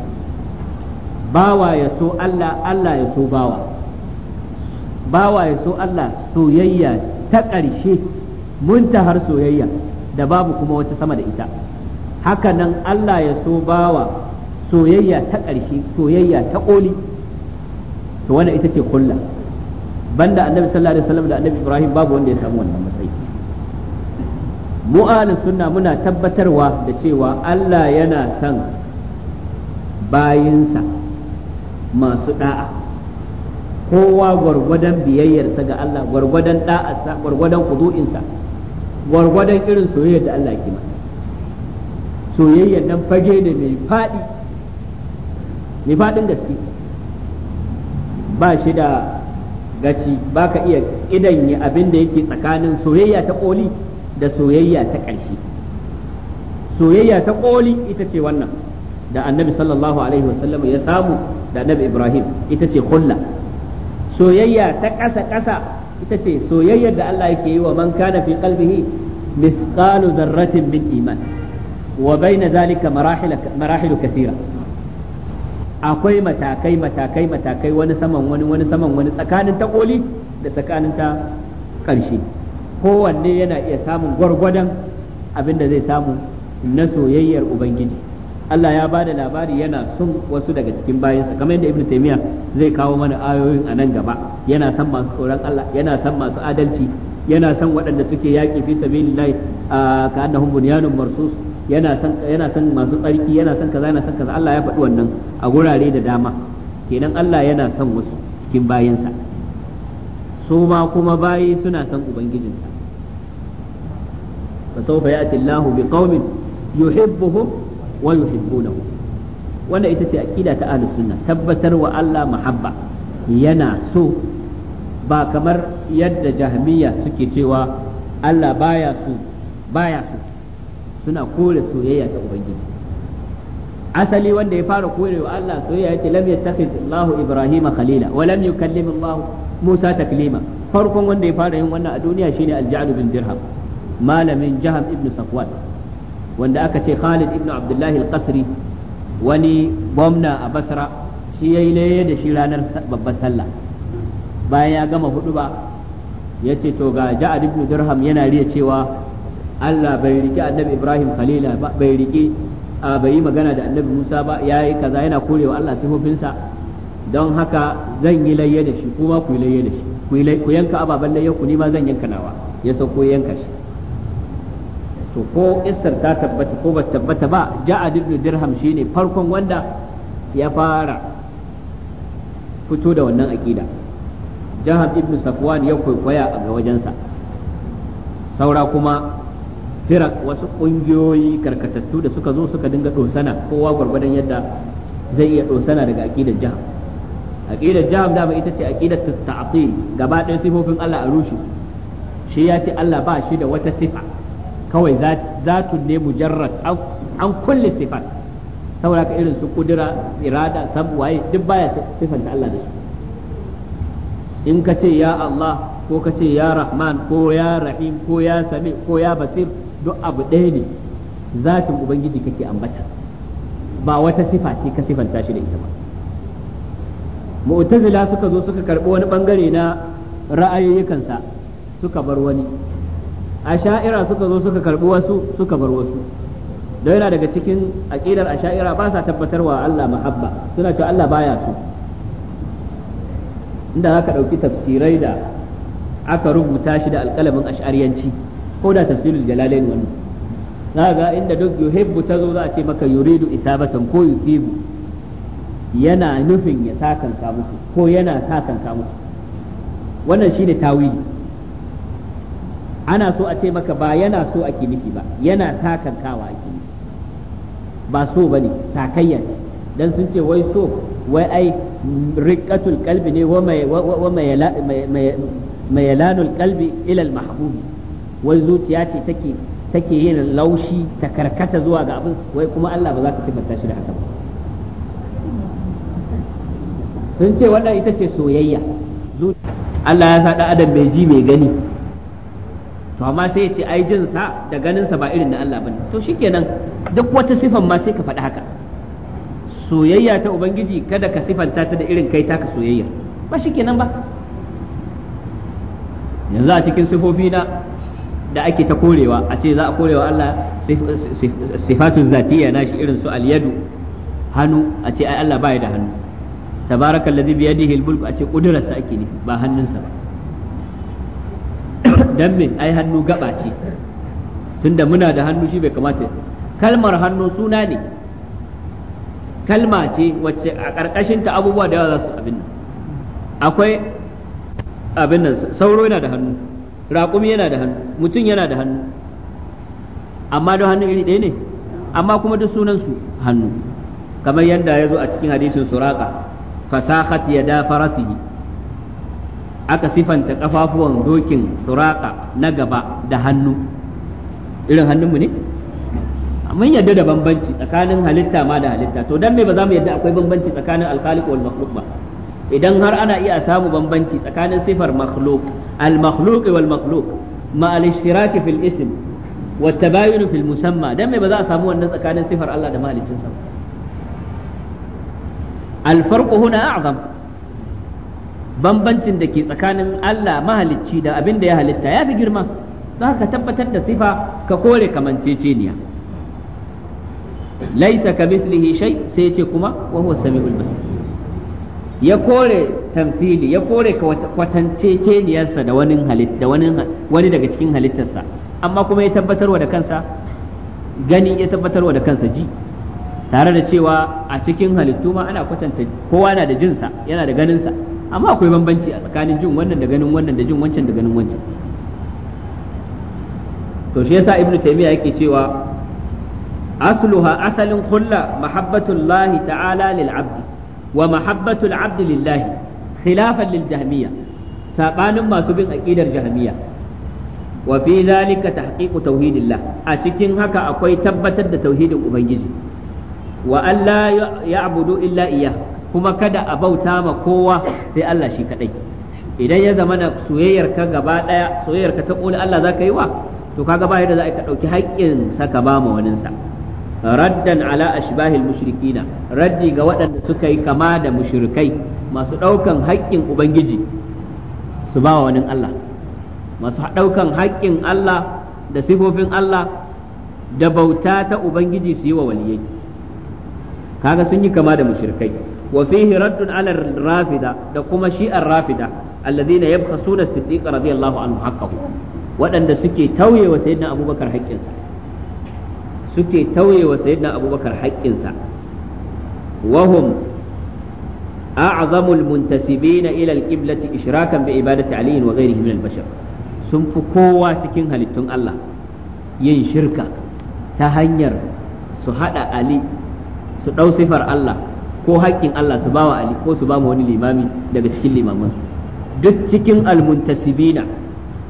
bawa ya so Allah Allah ya so bawa bawa ya so Allah soyayya ta ƙarshe muntahar soyayya da babu kuma wata sama da ita haka nan Allah ya so bawa soyayya ta ƙarshe soyayya ta ƙoli to wannan ita ce kulla banda annabi sallallahu alaihi wasallam da annabi ibrahim babu wanda ya samu wannan matsayi mu ahlus sunna muna tabbatarwa da cewa Allah yana son bayinsa masu da'a kowa gwargwadon biyayyarsa ga Allah gwargwadon da'arsa gwargwadon kudu'insa gwargwadon irin soyayyar da Allah ke masa soyayyar nan fage ne mai faɗi mai faɗin gaske ba shi da gaci ba ka iya idan ya abin da yake tsakanin soyayya ta koli da soyayya ta ƙarshe soyayya ta koli ita ce wannan da annabi sallallahu alaihi wasallam ya samu da annabi ibrahim ita ce kulla soyayya ta ƙasa ƙasa ita ce soyayyar da Allah yake yi wa man kana fi qalbihi mithqalu dharratin min iman wa bayna zalika marahil marahil kathira akwai matakai matakai matakai wani saman wani wani saman wani tsakanin ta koli da tsakanin ta ƙarshe kowanne yana iya samun gwargwadon abin da zai samu na soyayyar ubangiji Allah ya ba da labari yana son wasu daga cikin bayansa kamar yadda ibnu taymiya zai kawo mana ayoyin a nan gaba yana son masu tsoron Allah yana son masu adalci yana son waɗanda suke yaƙi fi sabilillahi ka annahum bunyanun marsus yana san masu tsarki yana san kaza yana san kaza Allah ya faɗi wannan a gurare da dama kenan Allah yana son wasu cikin bayansa su ma kuma bayi suna son ubangijinsa fa sawfa ya'ti Allahu bi qaumin yuhibbuhum wa yuhibbunahu wannan ita ce aqida ta ahlus sunna tabbatar wa Allah mahabba yana so ba kamar yadda jahmiya suke cewa Allah baya so baya so suna kore soyayya ta ubangiji asali wanda ya fara kore wa Allah soyayya yace lam yattakhidh Allahu Ibrahima khalila wa lam yukallim Allahu Musa taklima farkon wanda ya fara yin wannan a duniya shine Al-Ja'd bin Dirham malamin jahar ibn Safwan wanda aka ce Khalid ibn Abdullah al-Qasri wani gwamna a Basra shi yayi laye da shi ranar babbar sallah bayan ya gama hudu ba ya ce to ga Ja'ad ibn Dirham yana riya cewa Allah bai riki annabi Ibrahim khalila ba bai riki bai yi magana da annabi Musa ba ya yi kaza yana korewa Allah sifofinsa don haka zan yi layye da shi kuma ku yi layye da shi ku yanka ababen layye ku nima zan yanka nawa ya sauko yanka shi to ko isar ta tabbata ko ba tabbata ba ja'ad ibn dirham shine farkon wanda ya fara fito da wannan aqida jahab ibn safwan ya kwaikwaya a ga wajensa saura kuma firak wasu ƙungiyoyi karkatattu da suka zo suka dinga dosana kowa gwargwadon yadda zai iya dosana daga aqidar jaham aqidar jaham dama ita ce aƙidar ta'til gaba ɗaya sifofin Allah a rushe shi ya ce Allah ba shi da wata sifa kawai zatu ne mujarrad an kulle sifat saboda ka irin su kudura irada sabwaye duk baya da Allah da shi in ka ce ya Allah ko ka ce ya Rahman ko ya Rahim ko ya Sami ko ya Basir duk abu ɗaya ne zatin ubangiji kake ambata ba wata sifa ce ka sifanta shi da ita ba mu'tazila suka zo suka karbi wani bangare na ra'ayoyikansa suka bar wani asha'ira suka zo suka karbi wasu suka bar wasu don yana daga cikin aqidar asha'ira ba sa wa Allah mahabba suna cewa Allah baya so inda zaka dauki tafsirai da aka rubuta shi da alƙalamin ash'ariyanci ko da tafsirul jalalain wannan za ga inda duk yuhibbu ta zo za a ce maka yuridu isabatan ko yusibu yana nufin ya sakan musu ko yana sakan musu wannan shine tawili ana so a ce maka ba yana so ake nufi ba yana kawa ake nufi ba so bane sakayya ce dan sun ce wai so wai ai riqatul qalbi ne wa mai wa mai yalanul qalbi ila al mahbubi wai zuciya ce take take yin laushi ta karkata zuwa ga abin wai kuma Allah ba za ka sifanta shi da haka ba sun ce wannan ita ce soyayya Allah ya sa adam mai ji mai gani to amma sai ya ce ai jin sa da ganin sa ba irin na Allah bane to shikenan duk wata sifan ma sai ka faɗi haka soyayya ta ubangiji kada ka sifanta ta da irin kai taka soyayya ba shikenan ba yanzu a cikin sifofi na da ake ta korewa a ce za a korewa Allah sifatun zatiyya nashi irin su al hannu a ce ai Allah baya da hannu tabarakal ladhi bi yadihi al-mulku a ce kudurarsa ake ne ba hannunsa ba (coughs) dan me ai hannu gaba ce tunda muna da hannu shi bai kamata kalmar hannu suna ne kalma ce wacce a ƙarƙashin ta abubuwa da yawa za su abin nan akwai abin nan sauro yana da hannu raƙumi yana da hannu mutum yana da hannu amma don hannu iri ɗaya ne amma kuma duk sunansu hannu kamar yadda ya zo a cikin hadisin suraka ya da farasihi aka sifanta kafafuwan dokin suraka na gaba da hannu irin hannunmu ne mun yadda da bambanci tsakanin halitta ma da halitta to dan me ba za mu yadda akwai bambanci tsakanin alkhaliq wal makhluq ba idan har ana iya samu bambanci tsakanin sifar makhluk al makhluk wal makhluk ma al ishtirak fil ism wa tabayun fil musamma dan me ba za a samu wannan tsakanin sifar Allah da mahalicin sa al farqu huna a'zam bambancin da ke tsakanin Allah mahalicci da abin da ya halitta ya fi girma za ka tabbatar da sifa ka kore kamanceceniya laisa ka mislihi shay sai ce kuma wa huwa samiul basir ya kore tamthili ya kore kwatanceceniyarsa da wani halitta da wani wani daga cikin halittarsa amma kuma ya tabbatarwa da kansa gani ya tabbatarwa da kansa ji tare da cewa a cikin halittu ma ana kwatanta kowa na da jinsa yana da ganinsa amma akwai bambanci a tsakanin jin wannan da ganin wannan da jin wancan da ganin wancan to shi yasa ibnu taymiya yake cewa asluha asalin khulla mahabbatullahi ta'ala lil abdi wa mahabbatul abdi lillahi khilafan lil jahmiya sabanin masu bin aqidar jahmiya wa fi zalika tahqiqu tauhidillah a cikin haka akwai tabbatar da tauhidin ubangiji wa alla abudu illa iya. kuma kada a bauta ma kowa sai Allah shi kaɗai. idan ya zama na soyayyarka gaba daya soyayyarka ta koli Allah ka yi wa to kaga ba yadda za ka ɗauki haƙƙin saka ba ma waninsa sa raddan ala ashbahil mushrikina raddi ga waɗanda suka yi kama da mushrikai masu ɗaukan haƙƙin ubangiji su ba wani Allah masu ɗaukan haƙƙin Allah da sifofin Allah da bauta ta ubangiji su yi wa waliyai kaga sun yi kama da mushrikai wa fihi raddun ala rafida da kuma shi'ar rafida alladhina yabkhasuna as-siddiq radiyallahu anhu haqqahu waɗanda suke tauye wa sayyidina abubakar haƙƙinsa suke tauye wa sayyidina abubakar haƙƙinsa wahum a'zamul muntasibina ila al-qiblati ishrakan bi ibadati aliyin wa ghairihi min bashar sun fi kowa cikin halittun Allah yin shirka ta hanyar su hada ali su dau sifar Allah ko haƙƙin Allah su bawa ali ko su ba wani limami daga cikin limaman duk cikin almuntasibina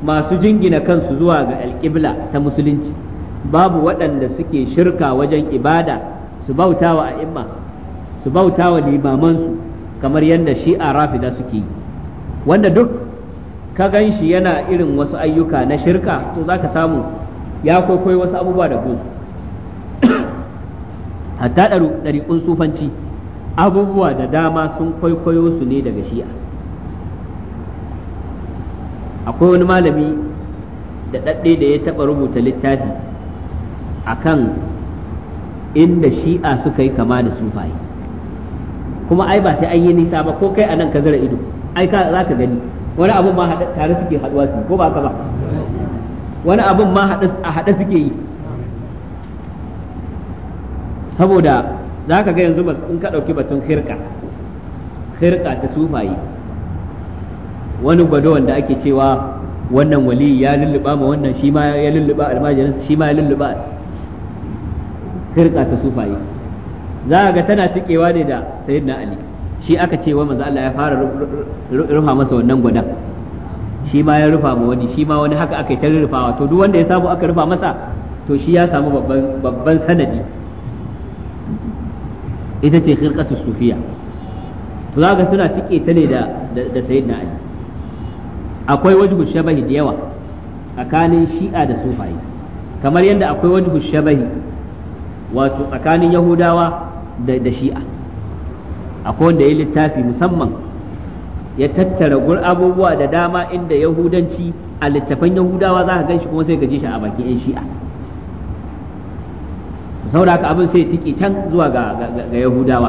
masu jingina kansu zuwa ga Alƙibla ta musulunci babu waɗanda suke shirka wajen ibada su bauta wa a'imma su bauta wa limamansu kamar yadda shi'a rafida suke yi wanda duk ka gan shi yana irin wasu ayyuka na shirka to za ka samu ya kwaikwai wasu abubuwa da gunsu (coughs) hatta ɗariƙun sufanci abubuwa da dama sun kwaikwayo su ne daga shi'a akwai wani malami da ɗaɗɗe da ya taɓa rubuta littafi akan inda shi'a suka yi kama da sufaye kuma ai ba sai an yi nisa ba ko kai a nan ka zara ido ai ka za ka gani wani abun ma tare suke haɗuwa su ko ba ka ba wani abun ma a haɗe suke yi saboda za ka ga yanzu in ka ɗauki batun hirka hirka ta sufaye wani gwado wanda ake cewa wannan wali ya lulluɓa ma wannan shi ma ya lulluɓa almajirin shi ma ya lulluɓa firka ta sufaye za ga tana cikewa ne da sayyidina ali shi aka ce wa manzo Allah ya fara rufa masa wannan gwadan shi ma ya rufa ma wani shi ma wani haka aka yi ta rufawa to duk wanda ya samu aka rufa masa to shi ya samu babban babban sanadi ita ce khirqatu sufiya to za ga suna tike ta ne da da sayyidina ali akwai wajhu shabahi da yawa tsakanin shi'a da sufaye kamar yadda akwai wajhu shabahi wato tsakanin yahudawa da shi'a akwai wanda ya littafi musamman ya tattara gur abubuwa da dama inda yahudanci a littafan yahudawa za ka gan shi kuma sai ka ji shi a bakin 'yan shi'a saboda haka abin sai tiki can zuwa ga, yahudawa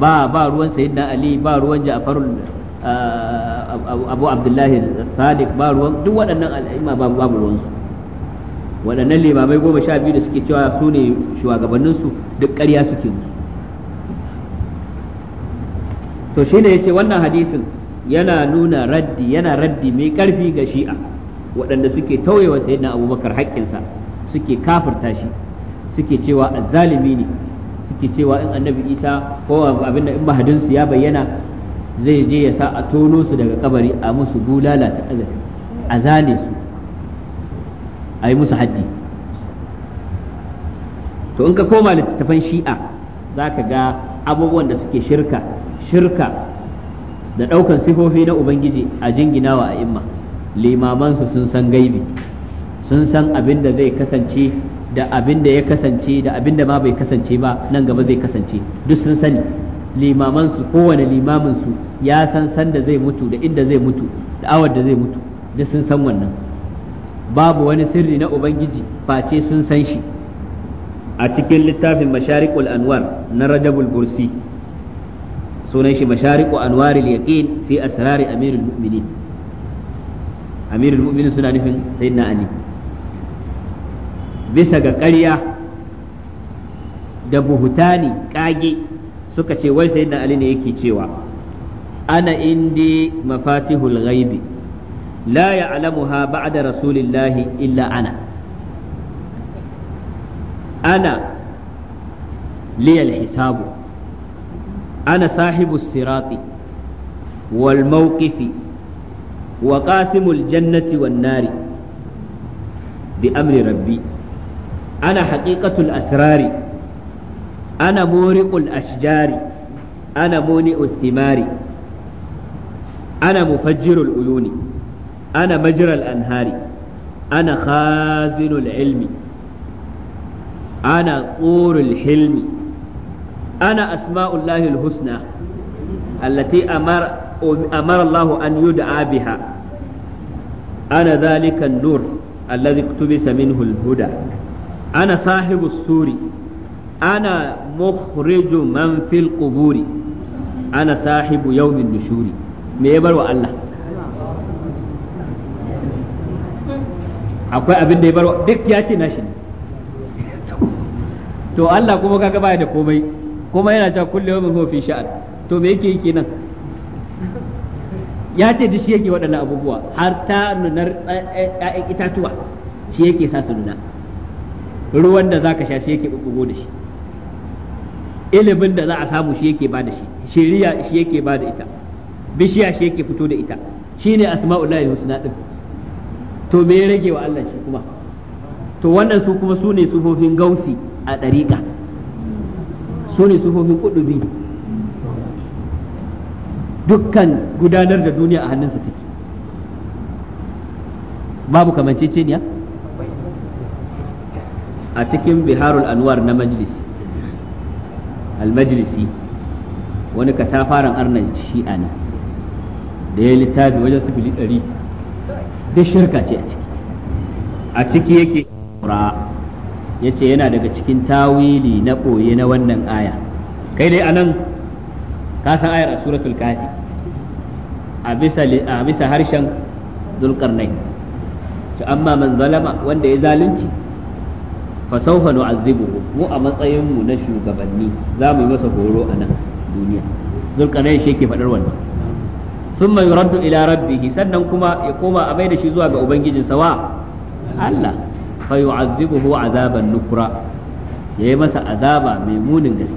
ba ba ruwan sayyidina ali ba ruwan ja'farul ah, abu abdullahi sadiq ba ruwan duk waɗannan al'umma babu ruwansu waɗannan limamai goma sha biyu da suke cewa su ne shugabanninsu duk ƙarya suke musu to shi ne ya ce wannan hadisin yana nuna raddi yana raddi mai ƙarfi ga shi'a waɗanda suke tauyewa na abubakar haƙƙinsa suke kafirta shi suke cewa azalimi ne suke cewa in annabi isa ko abin da in mahadinsu ya bayyana zai je ya sa a tono su daga kabari a musu bulala ta azafi a zane su a yi musu haddi to in ka koma littattafan shi'a za ka ga abubuwan da suke shirka shirka da ɗaukan sifofi na ubangiji a jinginawa a imma limamansu sun san gaibi sun san abin da zai kasance da abin da ya kasance da abin da ma bai kasance ba nan gaba zai kasance duk sun sani limamansu kowane limaminsu ya san san da zai mutu da inda zai mutu da awar da zai mutu duk sun san wannan babu wani sirri na ubangiji face sun san shi a cikin littafin masharikul anwar na rajabul bursi sunan shi mashariku anwaril yaqin fi asrari amirul mu'minin amirul mu'minin suna nufin sayyidina ali bisa ga ƙarya da buhutani kage suka ce wai sayyidina ali ne yake cewa ana indi mafatihul ghaibi لا يعلمها بعد رسول الله إلا أنا أنا لي الحساب أنا صاحب الصراط والموقف وقاسم الجنة والنار بأمر ربي أنا حقيقة الأسرار أنا مورق الأشجار أنا مونئ الثمار أنا مفجر العيون أنا مجرى الأنهار أنا خازن العلم أنا طور الحلم أنا أسماء الله الحسنى التي أمر, أمر الله أن يدعى بها أنا ذلك النور الذي اقتبس منه الهدى أنا صاحب السور أنا مخرج من في القبور أنا صاحب يوم النشور ميبر والله akwai abin da ya bar duk ya ce nashi ne to Allah kuma kaga baya da komai kuma yana cewa kullu yawmin huwa fi sha'an to me yake yake nan ya ce duk shi yake waɗannan abubuwa har ta nunar ƴaƴan itatuwa shi yake sa su nuna ruwan da ka sha shi yake bubbugo da shi ilimin da za a samu shi yake ba da shi shiriya shi yake ba da ita bishiya shi yake fito da ita shine asma'ullahi husna din to me ya rage wa Allah shi kuma to wannan su kuma su ne sufofin gausi a ɗariƙa su ne sufofin ƙudubi dukkan gudanar da duniya a hannunsa take babu kamanceceniya a cikin biharul anwar na majlisi almajlisi wani katafaren arna shi'a ne da ya littafi wajen sifili ɗari duk shirka ce a ciki a ciki yake yace yana daga cikin tawili na ɓoye na wannan aya kai dai anan ka san ayar a suratul kafi a bisa a bisa harshen Zulkarnai. to amma man zalama wanda ya zalunci fa sawfa nu'azzibuhu mu a matsayin mu na shugabanni za mu yi masa horo a nan duniya Zulkarnai shi yake faɗar wannan thumma yuraddu ila rabbih sannan kuma ya koma a maida shi zuwa ga ubangijinsa wa Allah fa yu'azzibuhu azaban nukra yayi masa azaba mai munin gaske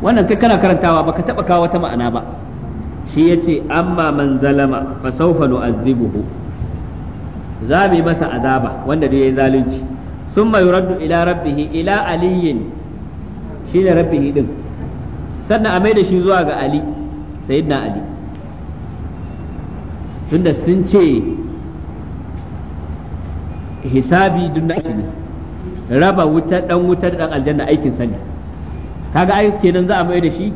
wannan kai kana karantawa baka taba kawo wata ma'ana ba shi yace amma man zalama fa sawfa nu'azzibuhu za mu yi masa azaba wanda duk yayi zalunci thumma yuraddu ila rabbih ila aliyin shine rabbih din sannan a maida shi zuwa ga ali sayyidina ali tunda sun ce hisabi duk na ne raba wuta dan wuta dan aljanna aikin sani kaga ai kenan za a mai da shi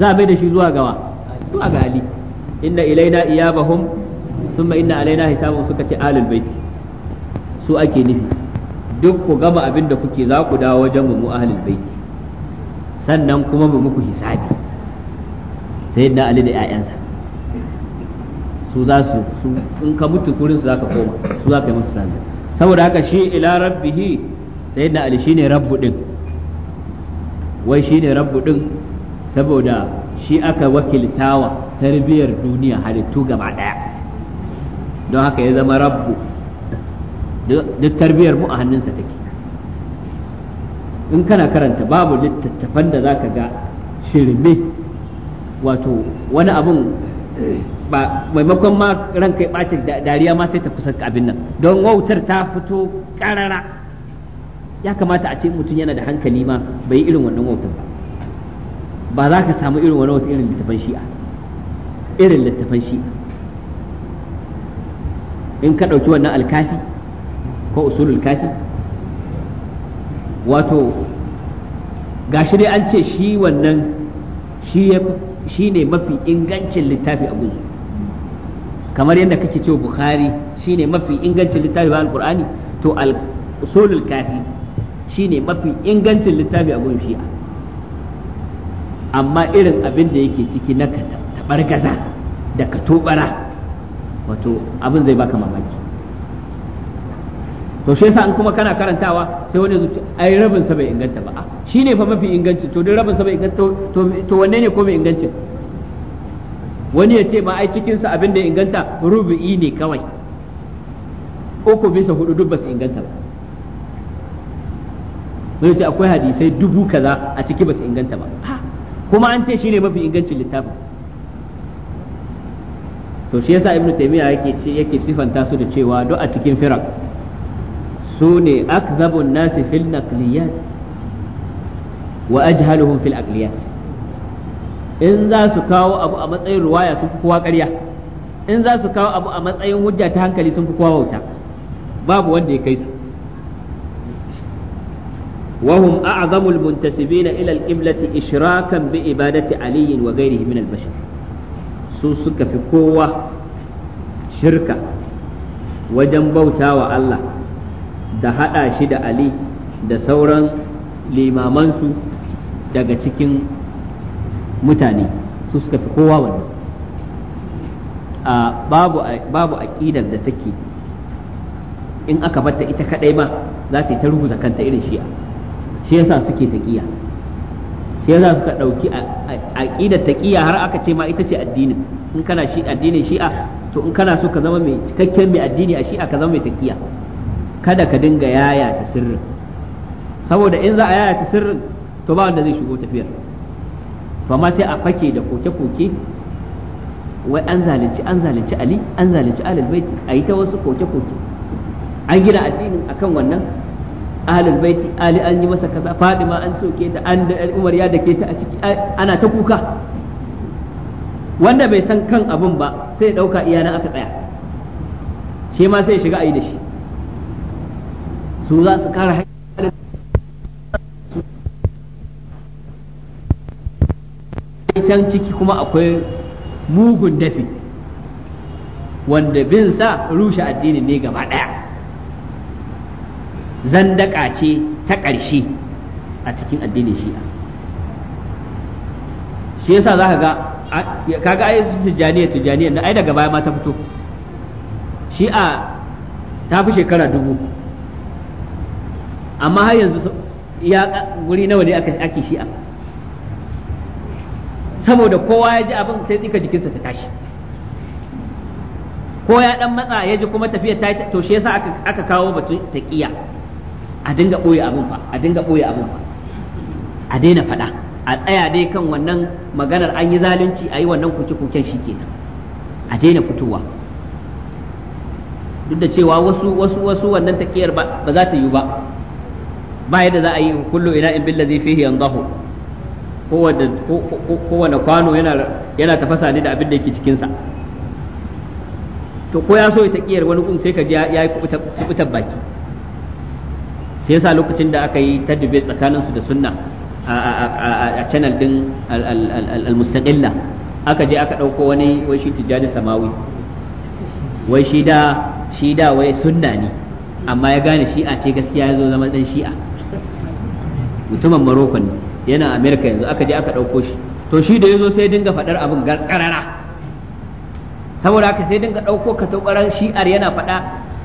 za a mai da shi zuwa gawa zuwa ga ali inna ilaina iyabahum summa inna alaina hisabu suka ce alul bait su ake nufi duk ku gama abin da kuke za ku dawo wajen mu ahlul bait sannan kuma mu muku hisabi sai da ali da 'ya'yansa su za su in ka mutu kurin su za ka koma su za ka yi musu sami saboda haka shi ila rabbihi sai da ali shine rabbu din wai shine rabbu din saboda shi aka wakiltawa tarbiyar duniya halittu gaba daya don haka ya zama rabbu duk tarbiyar mu a hannunsa take in kana karanta babu littattafan da za ka ga shirme wato wani abun ba maimakon ma ranka ya ɓacin dariya ma sai ta kusa abin nan don wautar ta fito ƙarara ya kamata a ce mutum yana da hankali ma bai irin wannan wautar ba ba za ka samu irin wani wata irin littafan shi'a irin littafan shi'a in ka ɗauki wannan alkafi ko usulul kafi wato ga shi dai an ce shi wannan shi ne mafi ingancin littafi a guzu kamar yadda kake cewa bukhari shi ne mafi ingancin littafi a alkur'ani to al-usulul kafi shi ne mafi ingancin littafi a gunsu shi'a amma irin abin da yake ciki na tabar gaza da ka tobara wato abin zai baka mamaki to shi yasa in kuma kana karantawa sai wani zuci ai rabin sa bai inganta ba shi ne fa mafi inganci to duk rabin sa bai inganta to wanne ne ko mai inganci wani ya ce ma ai cikin sa abin da ya inganta rubu'i ne kawai uku bisa hudu duk ba su inganta ba wani ce akwai hadisai dubu kaza a ciki ba su inganta ba kuma an ce shi ne mafi ingancin littafin to shi yasa ibnu taymiya yake ce yake sifanta su da cewa duk a cikin firak su ne akzabun nasi fil naqliyat wa ajhaluhum fil aqliyat in za su kawo abu a matsayin ruwaya sun fi kowa ƙarya in za su kawo abu a matsayin hujja ta hankali sun fi kowa wauta babu wanda ya kai su وهم أعظم المنتسبين إلى القبلة إشراكا بإبادة علي وغيره su البشر fi kowa shirka wajen bautawa allah. da haɗa shi da ali da sauran limamansu daga cikin mutane su suka fi kowa wannan a babu aƙidar da take in aka batta ita kaɗai ma za ta yi ta rubuta kanta irin shi'a shi yasa suke taƙiya shi yasa suka ɗauki aƙidar taƙiya har aka ce ma ita ce addinin in kana shi addinin shi'a to in kana so ka zama mai cikakken mai addini a shi'a ka zama mai taƙiya kada ka dinga yaya ta sirrin saboda in za a yaya ta sirrin to ba wanda zai shigo tafiyar ma sai a fake da koke-koke wai an zalunci an zalunci ali an zalunci alal baiti a yi ta wasu koke-koke an gina addinin akan wannan ahlul baiti ali an yi masa kaza fadima an soke ta an da umar ya dake ta a ciki ana ta kuka wanda bai san kan abin ba sai dauka iyana aka tsaya shi ma sai shiga ayi da shi su za su kare haƙƙin can ciki kuma akwai mugun dafi wanda bin sa rushe addini ne gaba ɗaya zandaka ce ta ƙarshe a cikin addinin shi'a shi yasa za ka ga kaga ai su tijjaniya tijjaniya na ai daga baya ma ta fito shi'a ta fi shekara dubu amma har yanzu ya guri nawa ne aka ake a saboda kowa ya ji abin sai tsika jikinsa ta tashi ko ya dan matsa ya ji kuma tafiyar ta to shi yasa aka kawo batun taqiya a dinga boye abin fa a dinga boye abin fa a daina faɗa a tsaya dai kan wannan maganar an yi zalunci a yi wannan kuke-kuken shi kenan a daina fitowa duk da cewa wasu wasu wasu wannan taqiyar ba za ta yi ba ba yadda za a yi kullu ina in zai fihi yanzahu kowanne kowanne kwano yana yana tafasa ne da abin da yake cikin sa to ko ya so ya takiyar wani kun sai ka ji ya yi kubutar baki sai yasa lokacin da aka yi ta tsakanin su da sunna a channel din al-mustaqilla aka je aka dauko wani wai shi tijjani samawi wai shi da shi da wai sunna ne amma ya gane shi'a ce gaskiya ya zo zama dan shi'a mutumin Morocco ne yana America yanzu aka je aka ɗauko shi to shi da yazo sai dinga faɗar abin ƙarara saboda haka sai dinga ɗauko kataukaran shi'ar yana faɗa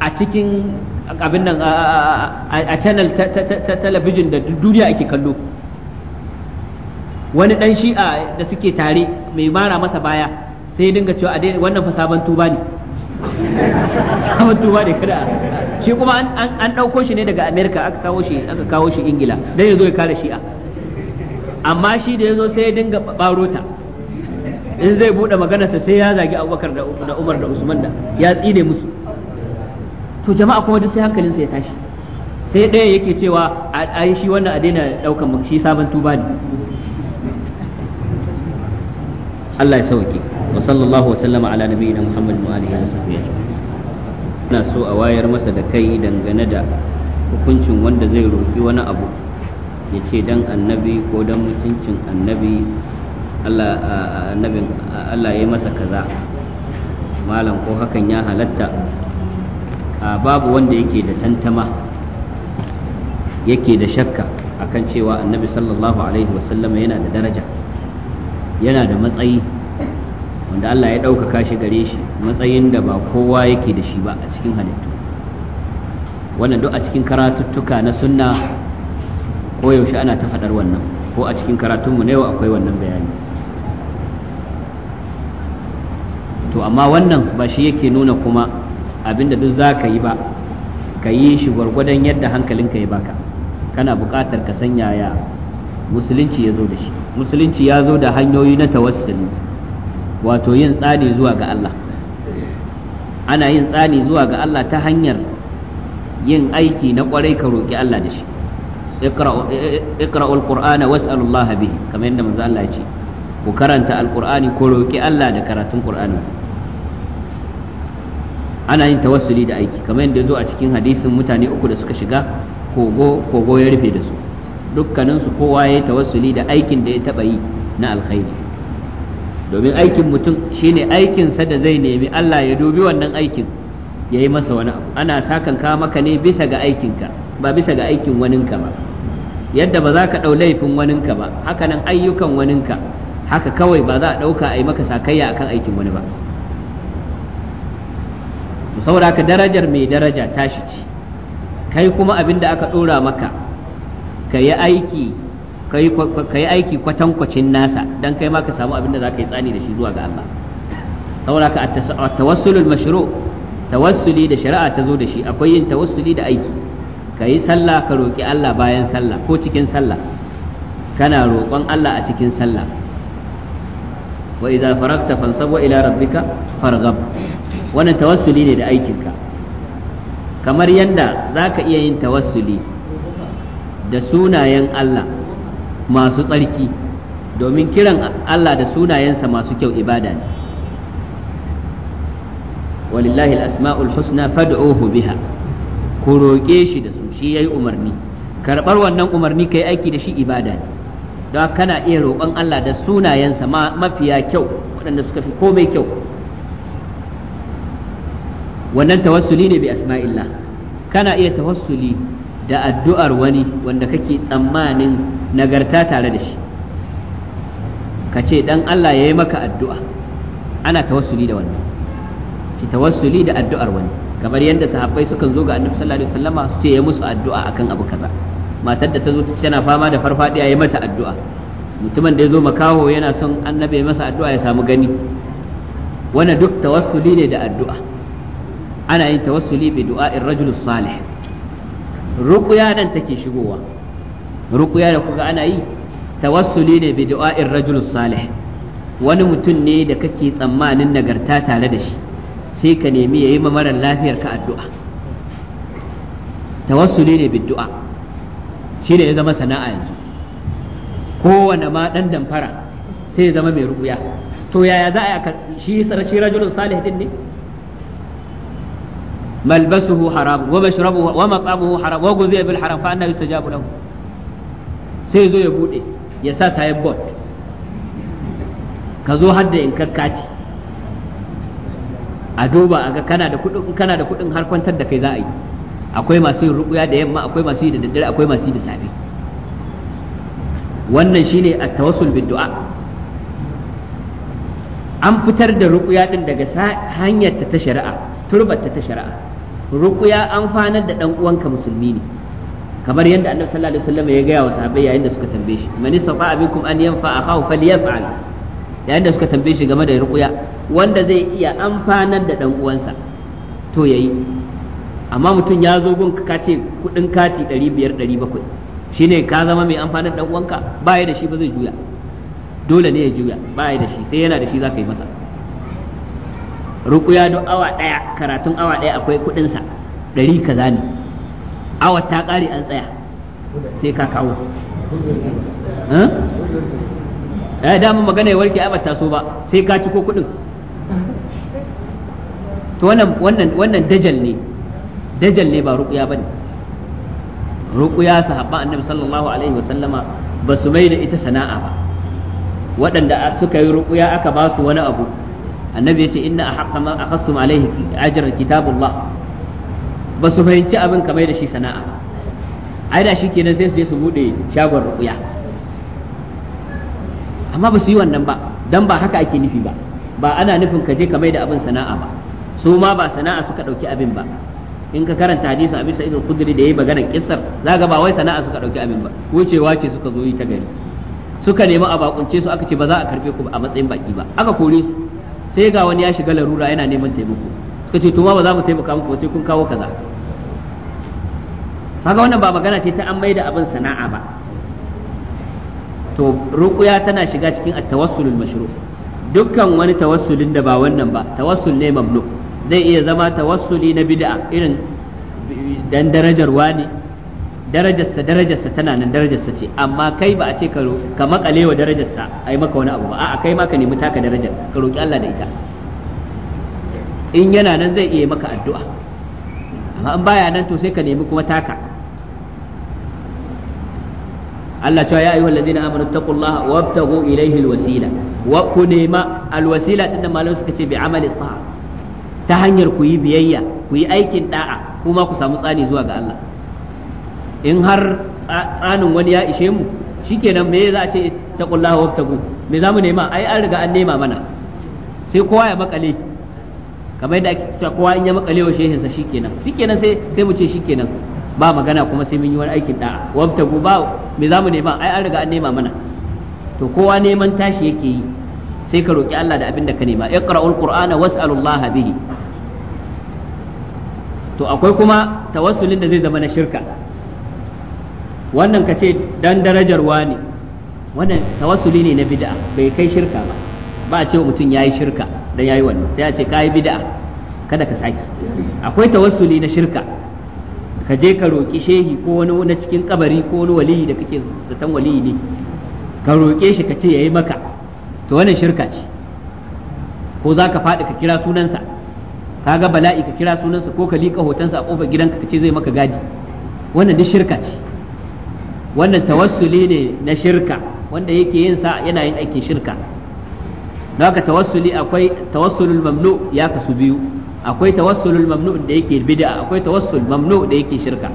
a cikin abin nan a channel ta talabijin da duniya ake kallo wani dan shi'a da suke tare mai mara masa baya sai dinga cewa wannan fa sabon tuba ne samun (laughs) tuba ne kada shi kuma an ɗauko shi ne daga amerika aka kawo shi aka kawo shi ingila Dan ya ya kare shi'a amma shi da ya zo sai ya dinga baro ta in zai buɗe sa sai ya zagi abubakar da umar da usman da ya tsine musu to jama'a kuma duk sai sa ya tashi sai ɗaya yake cewa a shi wannan a daina ɗaukan shi sabon tuba ne Allah ya sauke wa sallallahu ala nabiyina Muhammad wa alihi wa sahbihi ina so a wayar masa da kai dangane da hukuncin wanda zai roki wani abu ya ce dan annabi ko dan mutuncin annabi Allah annabin Allah ya masa kaza malam ko hakan ya halatta babu wanda yake da tantama yake da shakka akan cewa annabi sallallahu alaihi yana da daraja yana da matsayi wanda Allah ya ɗaukaka shi gare shi matsayin da ba kowa yake da shi ba a cikin halittu wannan duk a cikin karatuttuka na sunna ko yaushe ana ta faɗar wannan ko a cikin karatunmu na yau akwai wannan bayani to amma wannan ba shi yake nuna kuma abinda duk za ka yi ba ka yi shi gwargwadon yadda hankalinka ya baka kana buƙatar ka san yaya musulunci ya zo da shi musulunci ya zo da hanyoyi na tawassuli wato yin tsani zuwa ga Allah ana yin tsani zuwa ga Allah ta hanyar yin aiki na kwarai ka roƙi Allah da shi iqra'ul qur'ana was'alullaha bihi kamar yadda manzo Allah ya ce ku karanta alqur'ani ko roƙi Allah da karatun qur'ani ana yin tawassuli da aiki kamar yadda zo a cikin hadisin mutane uku da suka shiga kogo kogo ya rufe da su dukkaninsu kowa ya yi tawassuli da aikin da ya taɓa yi na alkhairi domin aikin mutum shine aikinsa da zai nemi Allah ya dubi wannan aikin ya yi masa wani abu ana sakan ka maka ne bisa ga aikinka ba bisa ga aikin waninka ba yadda ba za ka ɗau laifin waninka ba haka nan ayyukan waninka haka kawai ba za a ɗauka a yi maka sakayya akan aikin wani ba saboda ka darajar mai daraja tashi ce kai kuma abin da aka ɗora maka ka yi aiki ka yi aiki kwatankwacin nasa don kai ma ka samu abin da za ka yi tsani da shi zuwa ga Allah saboda ka a tawassulul mashru tawassuli da shari'a ta zo da shi akwai yin tawassuli da aiki ka yi sallah ka roƙi Allah bayan sallah ko cikin sallah kana roƙon Allah a cikin sallah wa idza faragta fansab wa ila rabbika farghab wannan tawassuli ne da aikinka kamar yanda zaka iya yin tawassuli da sunayen Allah masu tsarki domin kiran Allah da sunayensa masu kyau ibada ne walillahi al-asma'ul husna fad'uhu biha ku roƙe shi da su shi yayi umarni karɓar wannan umarni kai aiki da shi ibada ne don kana iya roƙon Allah da sunayensa mafiya kyau waɗanda suka fi komai kyau wannan tawassuli ne bi asma'illah kana iya tawassuli da addu'ar wani wanda kake tsammanin nagarta tare da shi ka ce dan Allah ya yi maka addu'a ana tawassuli da wannan ci tawassuli da addu'ar wani kamar yadda sahabbai sukan zo ga annabi sallallahu alaihi wasallama su ce ya musu addu'a akan abu kaza matar da ta zo tana fama da farfadiya ya mata addu'a mutumin da ya zo makaho yana son annabi ya masa addu'a ya samu gani wannan duk tawassuli ne da addu'a ana yin tawassuli bi du'a'in rajulus salih ruqya nan take shigowa ruqya da kuka ana yi tawassuli ne bi du'a'ir rajul salih wani mutum ne da kake tsammanin nagarta tare da shi sai ka nemi yayi ma marar lafiyar ka addu'a tawassuli ne bi du'a shi ne ya zama sana'a yanzu kowane ma dan damfara sai ya zama mai ruqya to yaya za a shi shi rajulun salih din ne ملبسه حرام ومشربه ومطعمه حرام وغذي بالحرام فأنا يستجاب له sai zo bude ya sayan bot ka zo hadda in kakkaci a duba a kana da kudin kana da kudin har da kai za a akwai masu yin rukuya da yamma wannan shine a tawassul an fitar da rukuya din daga hanyar ta shari'a Turbata ta shari'a ruqya amfanar da dan uwanka musulmi ne kamar yadda annabi sallallahu alaihi wasallam ya gaya wa sahabbai yayin da suka tambaye shi man safa abikum an yanfa akahu falyaf'al yayin da suka tambaye shi game da ruqya wanda zai iya amfanar da dan uwansa to yayi amma mutum ya zo gun ka ce kudin kati 500 700 shine ka zama mai amfanar dan uwanka ba ya da shi ba zai juya dole ne ya juya ba ya da shi sai yana da shi zaka yi masa rukuya don awa ɗaya, karatun awa ɗaya akwai kuɗinsa ɗari kaza ne awa ta ƙari an tsaya sai ka kawo ɗaya eh, dama magana ya warke abar taso so ba sai ka ci ko kudin to wannan wannan wannan dajal ne dajal ne ba rukuya ne rukuya sahabba annabi sallallahu alaihi wasallama ba su mai da ita sana'a ba waɗanda suka yi rukuya aka ba su wani abu annabi ce inna ahqqa ma a alayhi ajran kitabullah ba su fahimci abin kamar da shi sana'a ai da kenan sai su je su bude shagon ruqya amma ba su yi wannan ba dan ba haka ake nufi ba ba ana nufin ka je ka mai da abin sana'a ba su ma ba sana'a suka ɗauki abin ba in ka karanta hadisi a bisa idul kudri da yayi maganar kissar zaka ba wai sana'a suka ɗauki abin ba wucewa ce suka zo yi ta gari suka nemi a bakunce su aka ce ba za a karbe ku a matsayin baki ba aka kore su sai ga wani ya shiga larura yana neman taimako suka ce to ma ba za mu taimaka muku sai kun kawo kaza kaga wannan ba magana ce ta an mai da abin sana'a ba to ruqya tana shiga cikin at-tawassulul mashru' dukkan wani tawassulin da ba wannan ba tawassul ne mamnu zai iya zama tawassuli na bid'a irin dan darajar wani darajarsa darajarsa tana nan darajarsa ce amma kai ba a ce ka ka makale wa darajarsa ai maka wani abu ba a'a kai ma ka nemi taka darajar ka roki Allah da ita in yana nan zai iya maka addu'a amma in baya nan to sai ka nemi kuma taka Allah cewa ya ayyuhal ladina amanu taqullaha wabtaghu ilayhi alwasila wa ku nema alwasila din da malamu suka ce bi amali ta hanyar ku yi biyayya ku yi aikin da'a kuma ku samu tsani zuwa ga Allah in har tsanin wani ya ishe mu shikenan me za a ce ta taqullaha wabtagu me za mu nema ai an riga an nema mana sai kowa ya makale kamar yadda ake cewa kowa in ya makale wa shehinsa shikenan shikenan sai sai mu ce shikenan ba magana kuma sai mun yi wani aikin da'a wabtagu ba me za mu nema ai an riga an nema mana to kowa neman tashi yake yi sai ka roki Allah da abin da ka nema iqra'ul qur'ana was'alullaha bihi to akwai kuma tawassulin da zai zama na shirka wannan ka ce dan darajar wani wannan tawassuli ne na bid'a bai kai shirka ba ba a ce mutum ya yi shirka dan yi wannan sai a ce ka yi bid'a kada ka saki akwai tawassuli na shirka ka je ka roki shehi ko wani na cikin kabari ko wani waliyi da kake zaton waliyi ne ka roke shi ka ce ya yi maka to wannan shirka ce ko za ka faɗi ka kira sunansa ka ga bala'i ka kira sunansa ko ka liƙa hotonsa a ƙofar gidanka ka ce zai maka gadi wannan duk shirka ce wannan tawassuli ne na shirka wanda yake yin sa yana yin aiki shirka don haka tawassuli akwai tawassulul mamnu ya kasu biyu akwai tawassulul mamnu da yake bid'a akwai tawassul mamnu da yake shirka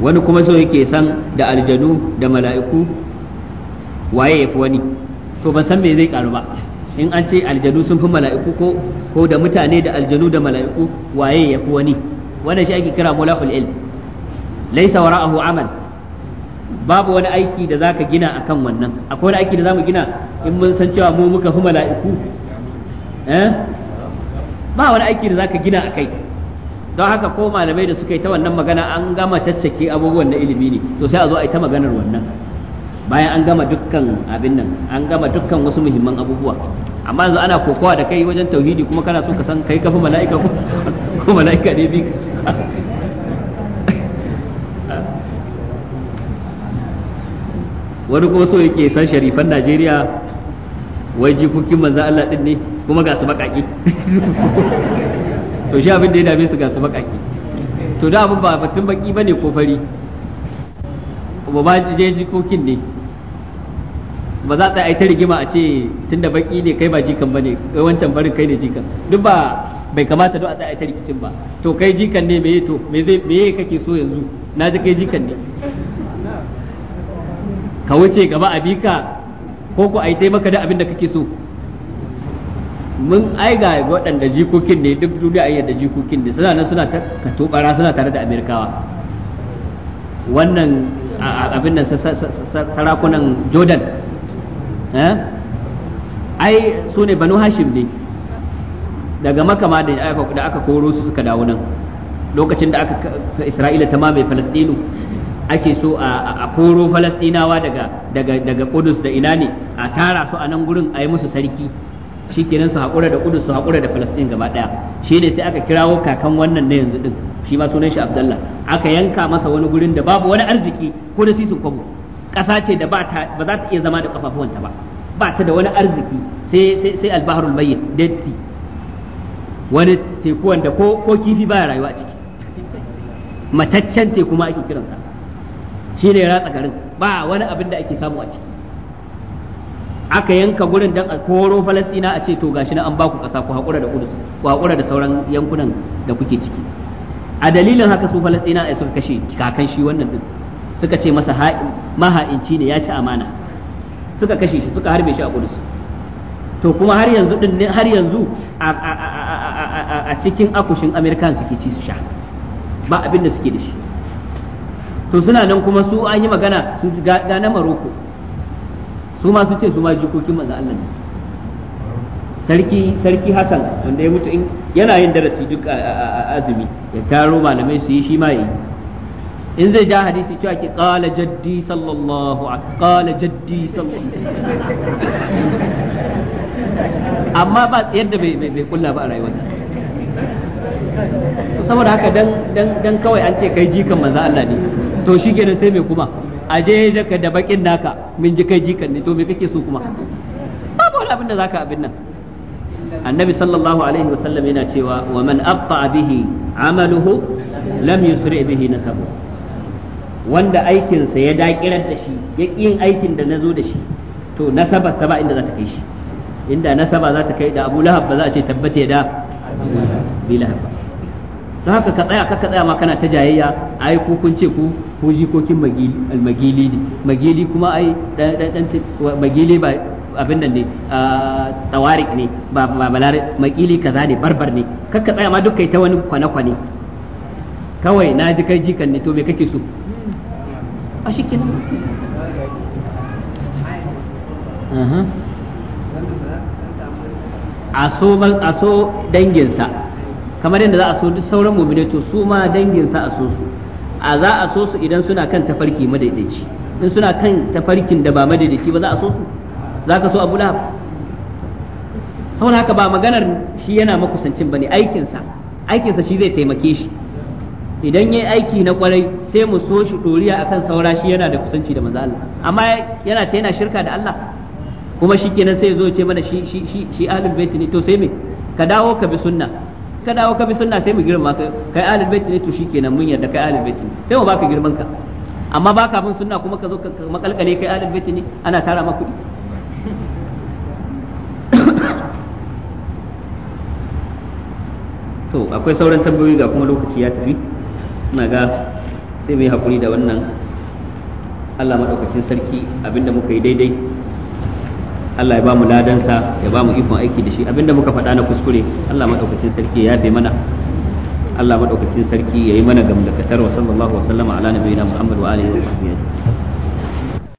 wani kuma so yake san da aljanu da mala'iku waye ya fi wani to ban san me zai karu ba in an ce aljanu sun fi mala'iku ko ko da mutane da aljanu da mala'iku waye ya fi wani wannan shi ake kira mulahul ilm laisa wara'ahu amal babu wani aiki da zaka gina akan wannan akwai wani aiki da zamu gina in mun san cewa mu muka fi mala'iku eh ba wani aiki da zaka gina akai don haka ko malamai da suka yi ta wannan magana an gama caccake abubuwan na ilimi ne to sai a zo a yi ta maganar wannan bayan an gama dukkan abin nan an gama dukkan wasu muhimman abubuwa amma yanzu ana kokowa da kai wajen tauhidi kuma kana so ka san kai kafa mala'ika ko mala'ika ne bi wani kuma so yake san sharifan Najeriya wai jikokin manzan Allah din ne kuma ga su makaki (laughs) to shi abin da ya dame su ga su makaki to da abin ba batun baki bane ko fari ba ba je jikokin ne ba za ta ta rigima a ce tunda baki ne kai ba jikan bane kai wancan barin kai ne jikan duk ba bai kamata duk a ta rikicin ba to kai jikan ne me to me zai me kake so yanzu na ji kai jikan ne ka wuce gaba a bika ko ku ai tai maka da abin da kake so mun ai ga waɗanda jikokin ne duk duniya ai da jikokin ne suna nan suna ta bara suna tare da amerikawa wannan abin nan sarakunan jordan eh? ai su ne banu hashim ne daga makama da aka koro su suka dawo nan lokacin da aka isra'ila ta mamaye falastinu ake so a koro falastinawa daga daga daga kudus da ina ne a tara su a nan gurin a yi musu sarki shikenan su haƙura da kudus su haƙura da falastin gaba ɗaya shi ne sai aka kirawo kakan wannan na yanzu din shi ma sunan shi abdallah aka yanka masa wani gurin da babu wani arziki ko da sisin kwabo ƙasa ce da ba za ta iya zama da kafafuwanta ba ba ta da wani arziki sai sai albaharul mayyit dead sea wani teku wanda ko kifi ba rayuwa ciki mataccen teku ma ake kiransa shi ne ratsa garin ba wani abin da ake samu a ciki aka yanka gurin dan a koro falastina a ce to gashi na an ba ku ƙasa ku haƙura da kudus ku haƙura da sauran yankunan da kuke ciki a dalilin haka su falastina ai suka kashe kakan shi wannan din suka ce masa maha'inci ne ya ci amana suka kashe shi suka harbe shi a kudus to kuma har yanzu din har yanzu a cikin akushin amerikan suke ci su sha ba abin da suke da shi to suna nan kuma su an yi magana su ga na maroko su ma su ce su ma jikokin manzo Allah ne sarki sarki Hassan wanda ya mutu yana yin darasi duk azumi ya taro malamai su yi shi ma yi in zai ja hadisi cewa ki qala jaddi sallallahu alaihi qala jaddi sallallahu amma ba yadda bai bai kulla ba a rayuwarsa saboda haka dan dan kawai an ce kai jikan manzo Allah ne to shi kenan sai me kuma a je daga da bakin naka min ji kai jikan ne to me kake so kuma babu wani abin da zaka abin nan annabi sallallahu alaihi wasallam yana cewa wa man abqa bihi amaluhu lam yusri bihi nasabu wanda aikinsa ya dakirar da shi ya yin aikin da nazo da shi to nasaba ta ba inda za ta kai shi inda nasaba za ta kai da Abu Lahab ba za a ce tabbate da Abi Lahab don haka ka tsaya ka tsaya ma kana ta jayayya ai ku kun ce ku ko jikokin magili ne magili kuma ai dan magili ba abin nan ne tawarik ne ba balar magili kaza ne barbar ne kakka tsaya ma duk ita ta wani kwane-kwane kawai na ji kai jikan ne to me kake so a shi kenan a so danginsa kamar yadda za a so duk sauran mumine to su ma danginsa a so su a za a so su idan suna kan tafarki madaidaici in suna kan tafarkin da ba madaidaici ba za a so su za ka so abu lahab saboda haka ba maganar shi yana makusancin bane aikinsa aikinsa shi zai taimake shi idan yayi aiki na kwarai sai mu so shi doriya akan saura shi yana da kusanci da manzo Allah amma yana ce yana shirka da Allah kuma shikenan sai ya zo ce mana shi shi shi ahlul bait ne to sai me ka dawo ka bi sunna ka dawo ka bi sunna sai mu girma ka kai ahlul bait ne to shikenan mun yarda kai ahlul bait ne sai mu baka girman ka amma baka bin sunna kuma ka zo ka makalkale kai ahlul bait ne ana tara maka kudi. (coughs) to akwai sauran tambayoyi ga kuma lokaci ya tafi ina ga sai mu yi hakuri da wannan Allah maɗaukacin sarki abinda muka yi daidai Allah ya ba mu ladansa ya ba mu ikon aiki da shi abinda muka faɗa na kuskure Allah madaukakin sarki ya yafe mana Allah madaukakin sarki yayi mana gamdakatar wa sallallahu wa sallama ala nabiyina Muhammad wa alihi wa sahbihi